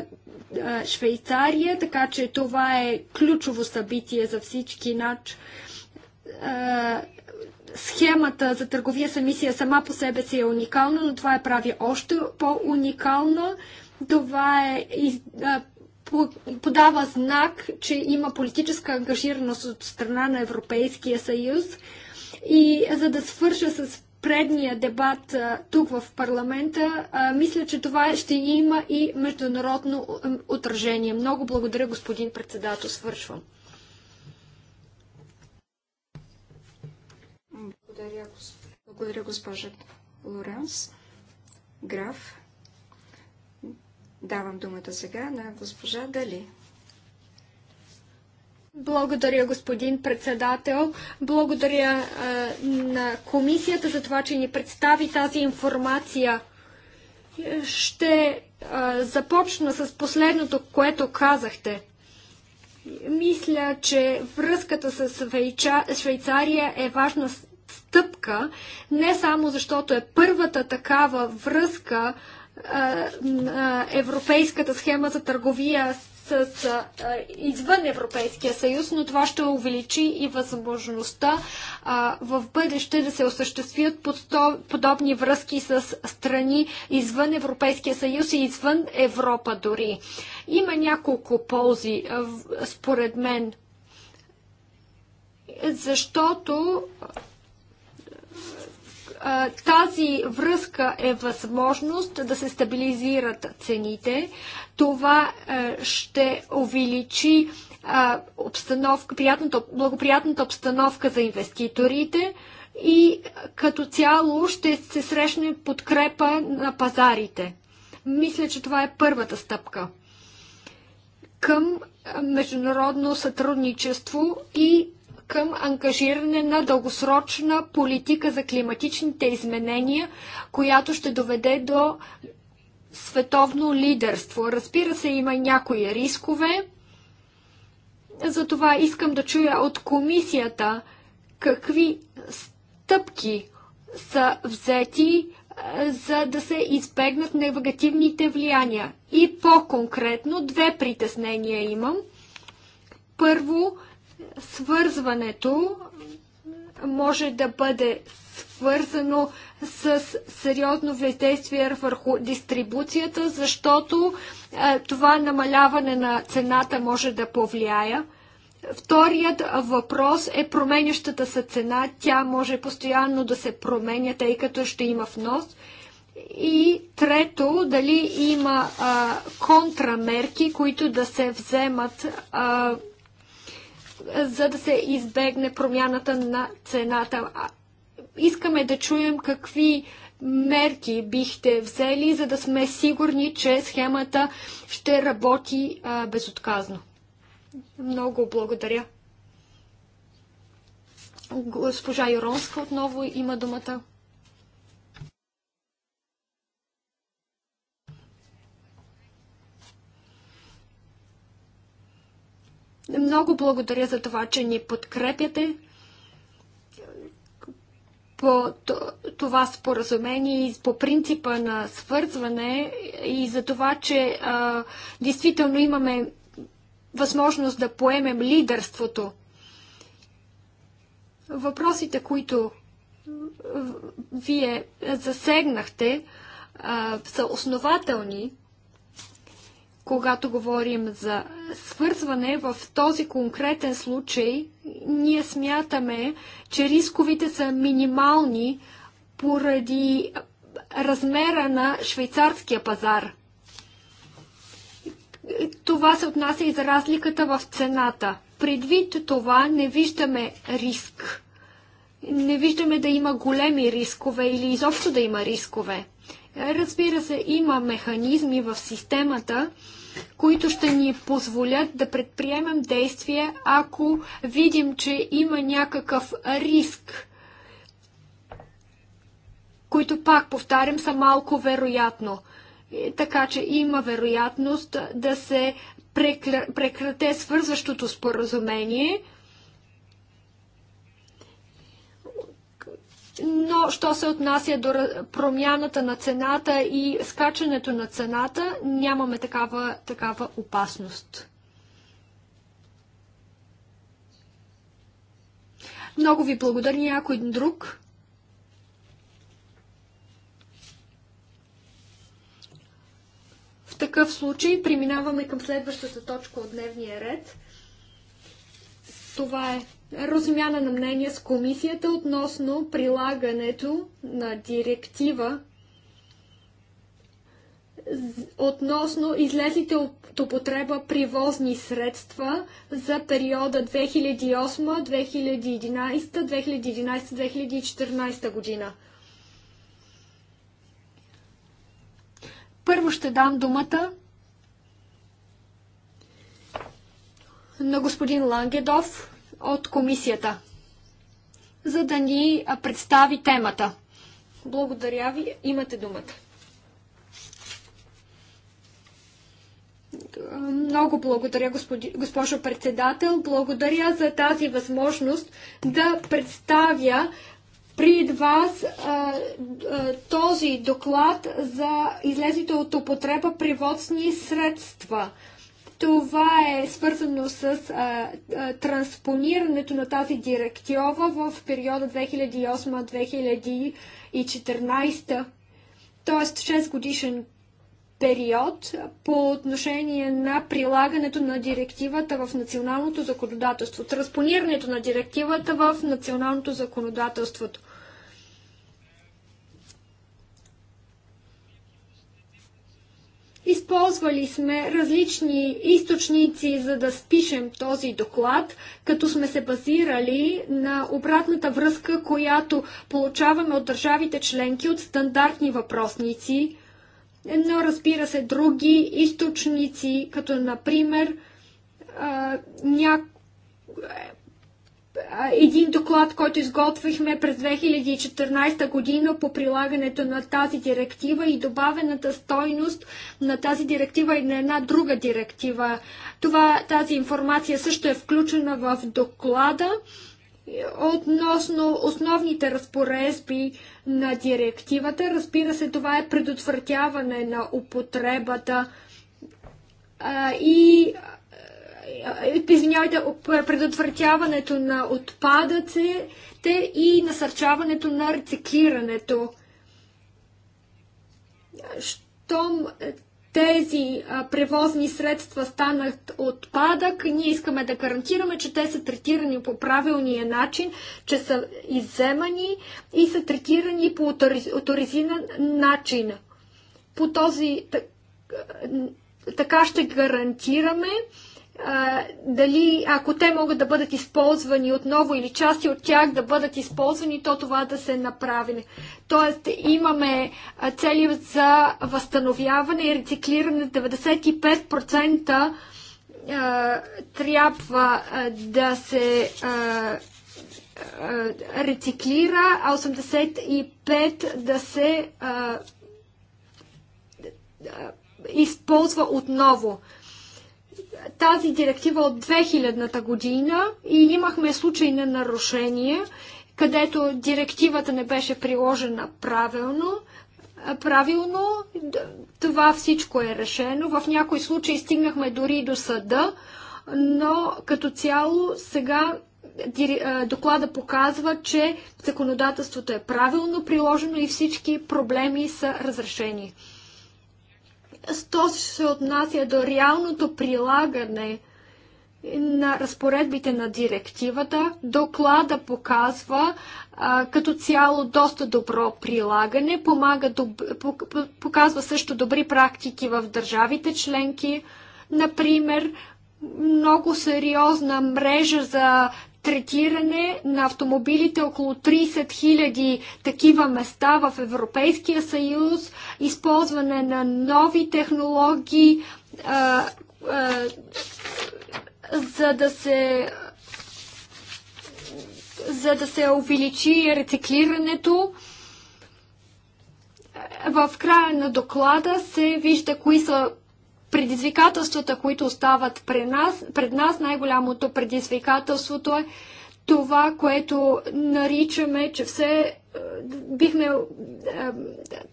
а, Швейцария, така че това е ключово събитие за всички нач. схемата за търговия с емисия сама по себе си е уникална, но това е прави още по-уникална. Това е а, подава знак, че има политическа ангажираност от страна на Европейския съюз. И за да свърша с предния дебат тук в парламента, мисля, че това ще има и международно отражение. Много благодаря, господин председател. Свършвам. Благодаря, госп... благодаря госпожа Лоренс. Граф. Давам думата сега на госпожа Дали. Благодаря, господин председател. Благодаря а, на комисията за това, че ни представи тази информация. Ще а, започна с последното, което казахте. Мисля, че връзката с Швейцария е важна стъпка, не само защото е първата такава връзка, европейската схема за търговия с, а, извън Европейския съюз, но това ще увеличи и възможността а, в бъдеще да се осъществят подобни връзки с страни извън Европейския съюз и извън Европа дори. Има няколко ползи, а, според мен, защото тази връзка е възможност да се стабилизират цените. Това ще увеличи обстановка, приятната, благоприятната обстановка за инвеститорите и като цяло ще се срещне подкрепа на пазарите. Мисля, че това е първата стъпка към международно сътрудничество и към ангажиране на дългосрочна политика за климатичните изменения, която ще доведе до световно лидерство. Разбира се, има някои рискове. Затова искам да чуя от комисията какви стъпки са взети, е, за да се избегнат негативните влияния. И по-конкретно две притеснения имам. Първо, свързването може да бъде свързано с сериозно въздействие върху дистрибуцията, защото е, това намаляване на цената може да повлияе. Вторият въпрос е променящата се цена. Тя може постоянно да се променя, тъй като ще има внос. И трето, дали има а, контрамерки, които да се вземат а, за да се избегне промяната на цената. Искаме да чуем какви мерки бихте взели, за да сме сигурни, че схемата ще работи а, безотказно. Много благодаря. Госпожа Юронска отново има думата. Много благодаря за това, че ни подкрепяте по това споразумение и по принципа на свързване и за това, че а, действително имаме възможност да поемем лидерството. Въпросите, които вие засегнахте, а, са основателни когато говорим за свързване, в този конкретен случай ние смятаме, че рисковите са минимални поради размера на швейцарския пазар. Това се отнася и за разликата в цената. Предвид това не виждаме риск. Не виждаме да има големи рискове или изобщо да има рискове. Разбира се, има механизми в системата, които ще ни позволят да предприемем действия, ако видим, че има някакъв риск, които пак повтарям са малко вероятно. Е, така че има вероятност да се прекрате свързващото споразумение – но що се отнася до промяната на цената и скачането на цената, нямаме такава, такава опасност. Много ви благодаря някой друг. В такъв случай преминаваме към следващата точка от дневния ред. Това е Размяна на мнение с комисията относно прилагането на директива относно излезлите от употреба привозни средства за периода 2008-2011, 2011-2014 година. Първо ще дам думата на господин Лангедов, от комисията, за да ни представи темата. Благодаря ви. Имате думата. Много благодаря, госпожо председател. Благодаря за тази възможност да представя пред вас а, а, този доклад за излезите от употреба приводсни средства – това е свързано с а, а, транспонирането на тази директива в периода 2008-2014, т.е. 6 годишен период по отношение на прилагането на директивата в националното законодателство, транспонирането на директивата в националното законодателството. Използвали сме различни източници, за да спишем този доклад, като сме се базирали на обратната връзка, която получаваме от държавите членки от стандартни въпросници, но разбира се други източници, като например ня един доклад, който изготвихме през 2014 година по прилагането на тази директива и добавената стойност на тази директива и на една друга директива. Това, тази информация също е включена в доклада относно основните разпоредби на директивата. Разбира се, това е предотвратяване на употребата а, и извинявайте, предотвратяването на отпадъците и насърчаването на рециклирането. Щом тези превозни средства станат отпадък, ние искаме да гарантираме, че те са третирани по правилния начин, че са изземани и са третирани по авторизиран начин. По този така ще гарантираме дали ако те могат да бъдат използвани отново или части от тях да бъдат използвани, то това да се направи. Тоест имаме цели за възстановяване и рециклиране 95% трябва да се рециклира, а 85 да се използва отново тази директива от 2000-та година и имахме случай на нарушение, където директивата не беше приложена правилно, правилно, това всичко е решено. В някои случаи стигнахме дори до съда, но като цяло сега доклада показва, че законодателството е правилно приложено и всички проблеми са разрешени то се отнася до реалното прилагане на разпоредбите на директивата. Доклада показва а, като цяло доста добро прилагане, помага доб... показва също добри практики в държавите членки. Например, много сериозна мрежа за третиране на автомобилите около 30 000 такива места в Европейския съюз, използване на нови технологии, а, а, за да се за да се увеличи рециклирането. В края на доклада се вижда кои са предизвикателствата, които остават пред нас, пред нас най-голямото предизвикателството е това, което наричаме, че все е, бихме е,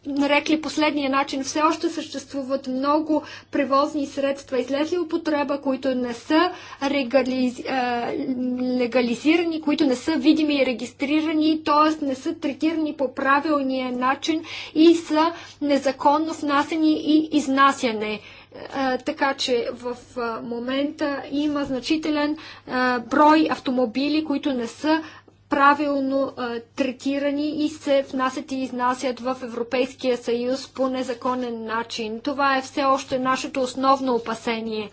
нарекли последния начин, все още съществуват много превозни средства, излезли употреба, които не са е, легализирани, които не са видими и регистрирани, т.е. не са третирани по правилния начин и са незаконно внасени и изнасяне така че в момента има значителен брой автомобили, които не са правилно третирани и се внасят и изнасят в Европейския съюз по незаконен начин. Това е все още нашето основно опасение.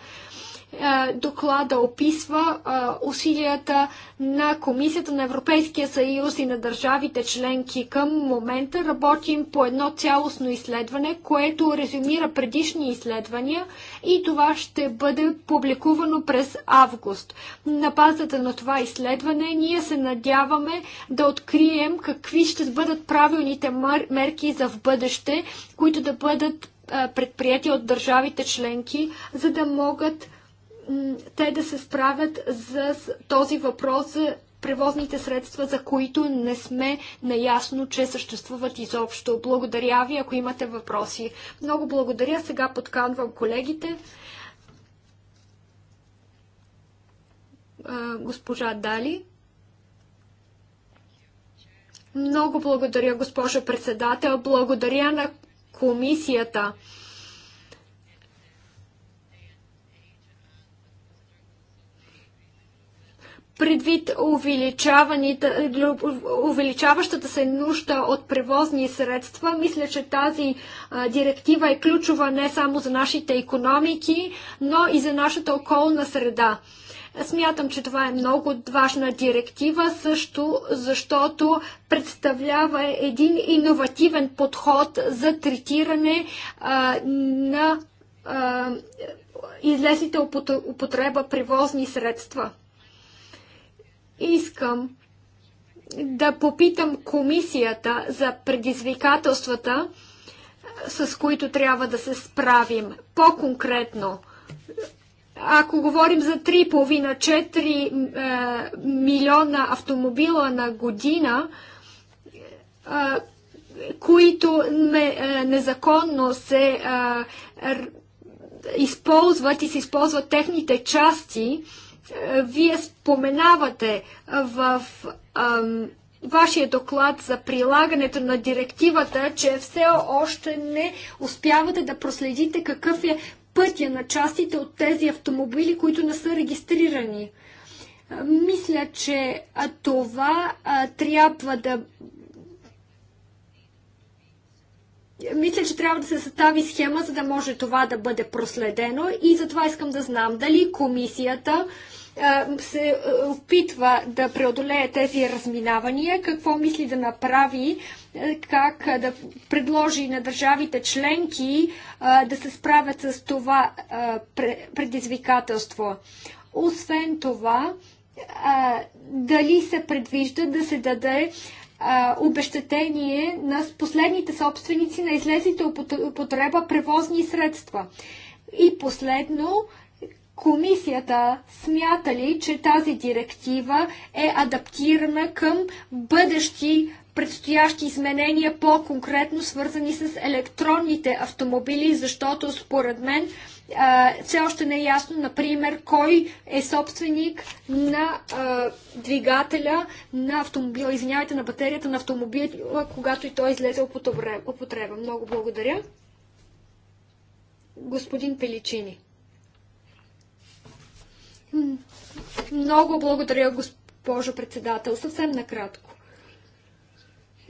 Е, доклада описва е, усилията на Комисията на Европейския съюз и на държавите членки. Към момента работим по едно цялостно изследване, което резюмира предишни изследвания и това ще бъде публикувано през август. На базата на това изследване ние се надяваме да открием какви ще бъдат правилните мерки за в бъдеще, които да бъдат е, предприятия от държавите членки, за да могат те да се справят за този въпрос за превозните средства, за които не сме наясно, че съществуват изобщо. Благодаря ви, ако имате въпроси. Много благодаря. Сега подканвам колегите. Госпожа Дали. Много благодаря, госпожо председател. Благодаря на комисията. предвид увеличаващата се нужда от превозни средства, мисля, че тази директива е ключова не само за нашите економики, но и за нашата околна среда. Смятам, че това е много важна директива, също защото представлява един иновативен подход за третиране а, на а, излезлите употреба превозни средства. Искам да попитам комисията за предизвикателствата, с които трябва да се справим. По-конкретно, ако говорим за 3,5-4 е, милиона автомобила на година, е, които не, е, незаконно се е, използват и се използват техните части, вие споменавате в ам, вашия доклад за прилагането на директивата, че все още не успявате да проследите какъв е пътя на частите от тези автомобили, които не са регистрирани. Мисля, че това трябва да мисля, че трябва да се състави схема, за да може това да бъде проследено и затова искам да знам дали комисията се опитва да преодолее тези разминавания, какво мисли да направи, как да предложи на държавите членки да се справят с това предизвикателство. Освен това, дали се предвижда да се даде а, обещетение на последните собственици на излезлите употреба превозни средства. И последно, комисията смята ли, че тази директива е адаптирана към бъдещи предстоящи изменения, по-конкретно свързани с електронните автомобили, защото според мен все още не е ясно, например, кой е собственик на а, двигателя на автомобила, извинявайте, на батерията на автомобила, когато и той е излезе употреба. Много благодаря. Господин Пеличини. Много благодаря, госпожо председател. Съвсем накратко.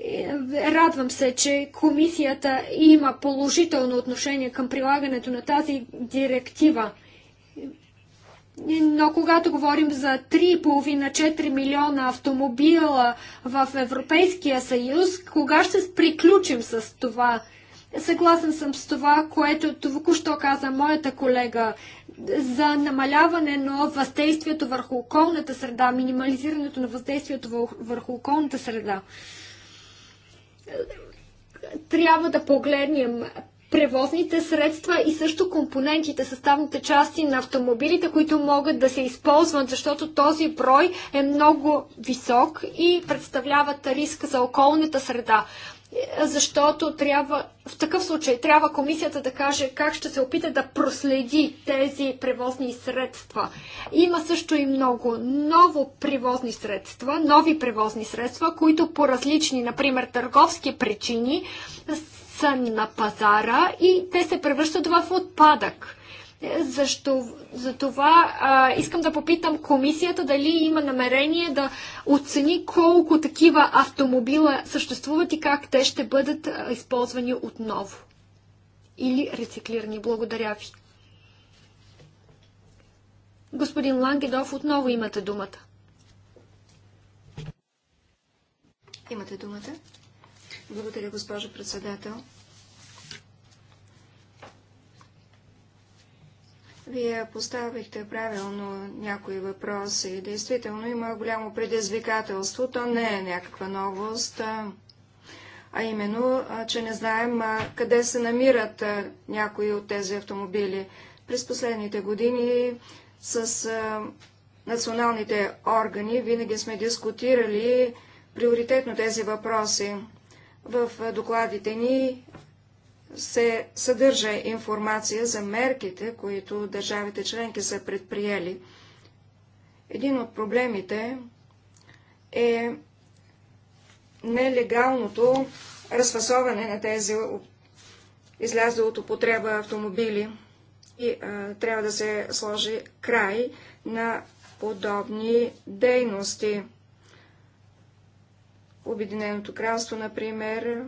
Е, радвам се, че комисията има положително отношение към прилагането на тази директива. Но когато говорим за 3,5-4 милиона автомобила в Европейския съюз, кога ще приключим с това? Съгласен съм с това, което току-що каза моята колега за намаляване на въздействието върху околната среда, минимализирането на въздействието върху околната среда трябва да погледнем превозните средства и също компонентите, съставните части на автомобилите, които могат да се използват, защото този брой е много висок и представляват риск за околната среда защото трябва, в такъв случай трябва комисията да каже как ще се опита да проследи тези превозни средства. Има също и много ново превозни средства, нови превозни средства, които по различни, например, търговски причини са на пазара и те се превръщат в отпадък. Защо, за това а, искам да попитам комисията дали има намерение да оцени колко такива автомобила съществуват и как те ще бъдат използвани отново или рециклирани. Благодаря ви. Господин Лангедов, отново имате думата. Имате думата. Благодаря, госпожо председател. Вие поставихте правилно някои въпроси. Действително има голямо предизвикателство. То не е някаква новост, а именно, че не знаем къде се намират някои от тези автомобили. През последните години с националните органи винаги сме дискутирали приоритетно тези въпроси. В докладите ни се съдържа информация за мерките, които държавите членки са предприели. Един от проблемите е нелегалното разфасоване на тези излязли от употреба автомобили и а, трябва да се сложи край на подобни дейности. Обединеното кралство, например,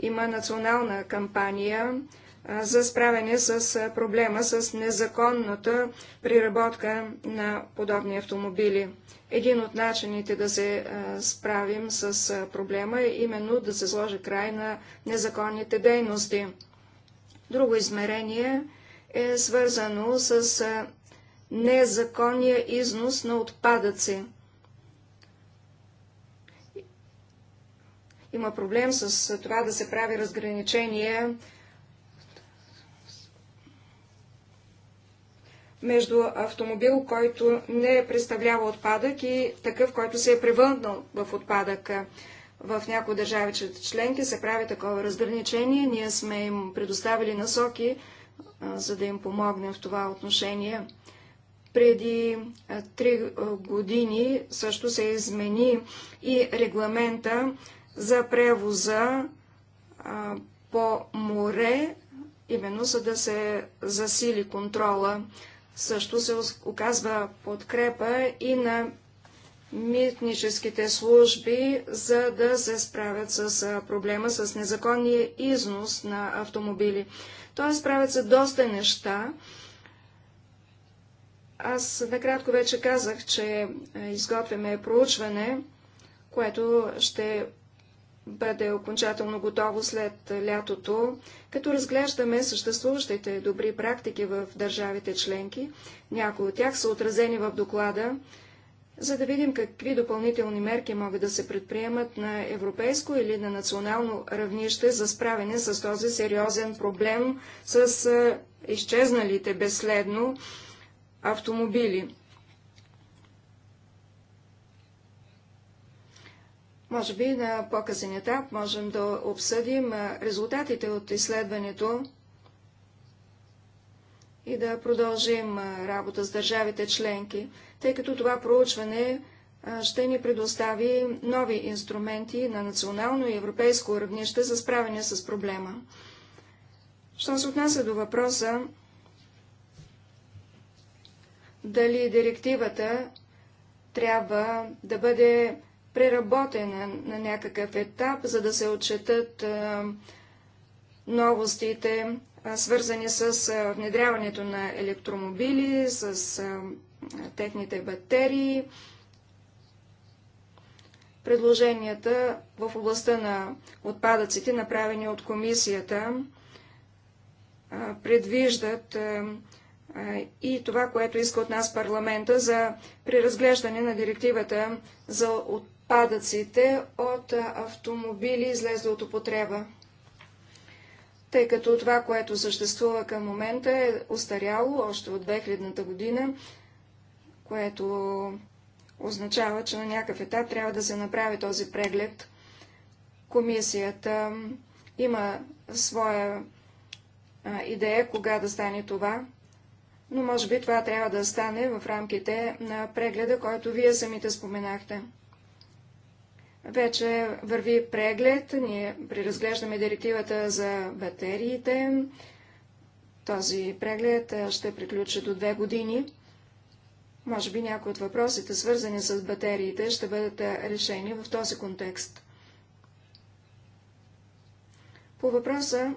има национална кампания за справяне с проблема с незаконната приработка на подобни автомобили. Един от начините да се справим с проблема е именно да се сложи край на незаконните дейности. Друго измерение е свързано с незаконния износ на отпадъци. Има проблем с това да се прави разграничение между автомобил, който не представлява отпадък и такъв, който се е превърнал в отпадък. В някои държави членки се прави такова разграничение. Ние сме им предоставили насоки, за да им помогнем в това отношение. Преди три години също се е измени и регламента за превоза а, по море, именно за да се засили контрола. Също се оказва подкрепа и на митническите служби, за да се справят с проблема с незаконния износ на автомобили. Тоест правят се доста неща. Аз накратко вече казах, че изготвяме проучване, което ще бъде окончателно готово след лятото, като разглеждаме съществуващите добри практики в държавите членки. Някои от тях са отразени в доклада, за да видим какви допълнителни мерки могат да се предприемат на европейско или на национално равнище за справяне с този сериозен проблем с изчезналите безследно автомобили. Може би на по-късен етап можем да обсъдим резултатите от изследването и да продължим работа с държавите членки, тъй като това проучване ще ни предостави нови инструменти на национално и европейско равнище за справяне с проблема. Що се отнася до въпроса дали директивата трябва да бъде преработена на някакъв етап, за да се отчетат новостите, свързани с внедряването на електромобили, с техните батерии. Предложенията в областта на отпадъците, направени от комисията, предвиждат и това, което иска от нас парламента за преразглеждане на директивата за отпадъците отпадъците от автомобили, излезли от употреба. Тъй като това, което съществува към момента е устаряло още от 2000-та година, което означава, че на някакъв етап трябва да се направи този преглед. Комисията има своя идея кога да стане това, но може би това трябва да стане в рамките на прегледа, който вие самите споменахте. Вече върви преглед, ние преразглеждаме директивата за батериите. Този преглед ще приключи до две години. Може би някои от въпросите, свързани с батериите, ще бъдат решени в този контекст. По въпроса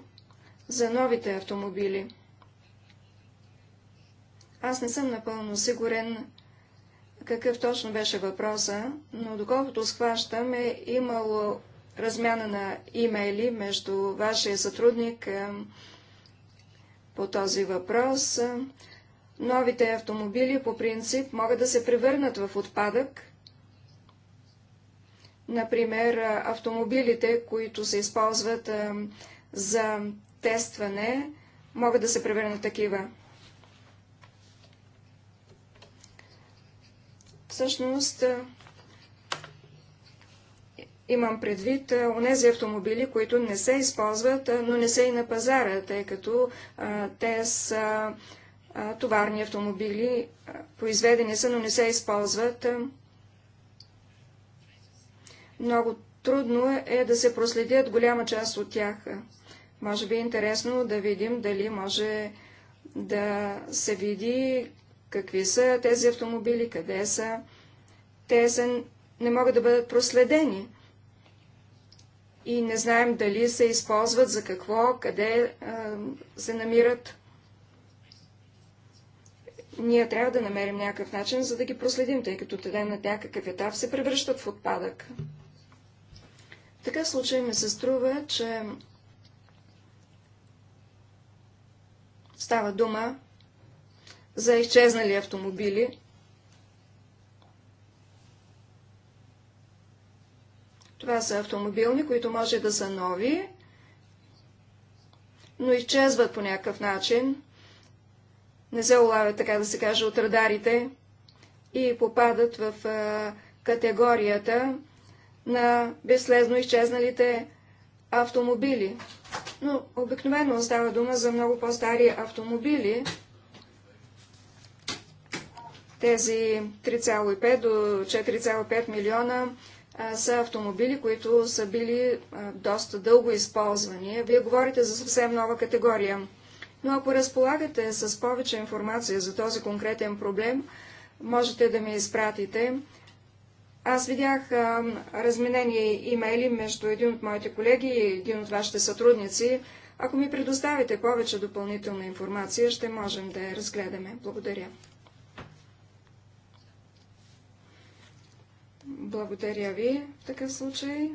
за новите автомобили. Аз не съм напълно сигурен какъв точно беше въпроса, но доколкото схващам е имало размяна на имейли между вашия сътрудник е, по този въпрос. Новите автомобили по принцип могат да се превърнат в отпадък. Например, автомобилите, които се използват е, за тестване, могат да се превърнат такива. Всъщност имам предвид онези автомобили, които не се използват, но не са и на пазара, тъй като те са товарни автомобили, произведени са, но не се използват. Много трудно е да се проследят голяма част от тях. Може би е интересно да видим дали може да се види Какви са тези автомобили, къде са? Те са, не могат да бъдат проследени. И не знаем дали се използват, за какво, къде а, се намират. Ние трябва да намерим някакъв начин, за да ги проследим, тъй като те на някакъв етап се превръщат в отпадък. В такъв случай ми се струва, че става дума за изчезнали автомобили. Това са автомобилни, които може да са нови, но изчезват по някакъв начин, не се улавят, така да се каже, от радарите и попадат в категорията на безследно изчезналите автомобили. Но обикновено става дума за много по-стари автомобили, тези 3,5 до 4,5 милиона са автомобили, които са били доста дълго използвани. Вие говорите за съвсем нова категория. Но ако разполагате с повече информация за този конкретен проблем, можете да ми изпратите. Аз видях разменени имейли между един от моите колеги и един от вашите сътрудници. Ако ми предоставите повече допълнителна информация, ще можем да я разгледаме. Благодаря. Благодаря ви в такъв случай.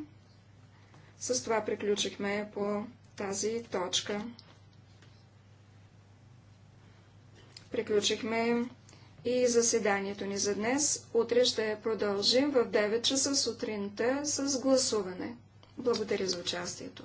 С това приключихме по тази точка. Приключихме и заседанието ни за днес. Утре ще продължим в 9 часа сутринта с гласуване. Благодаря за участието.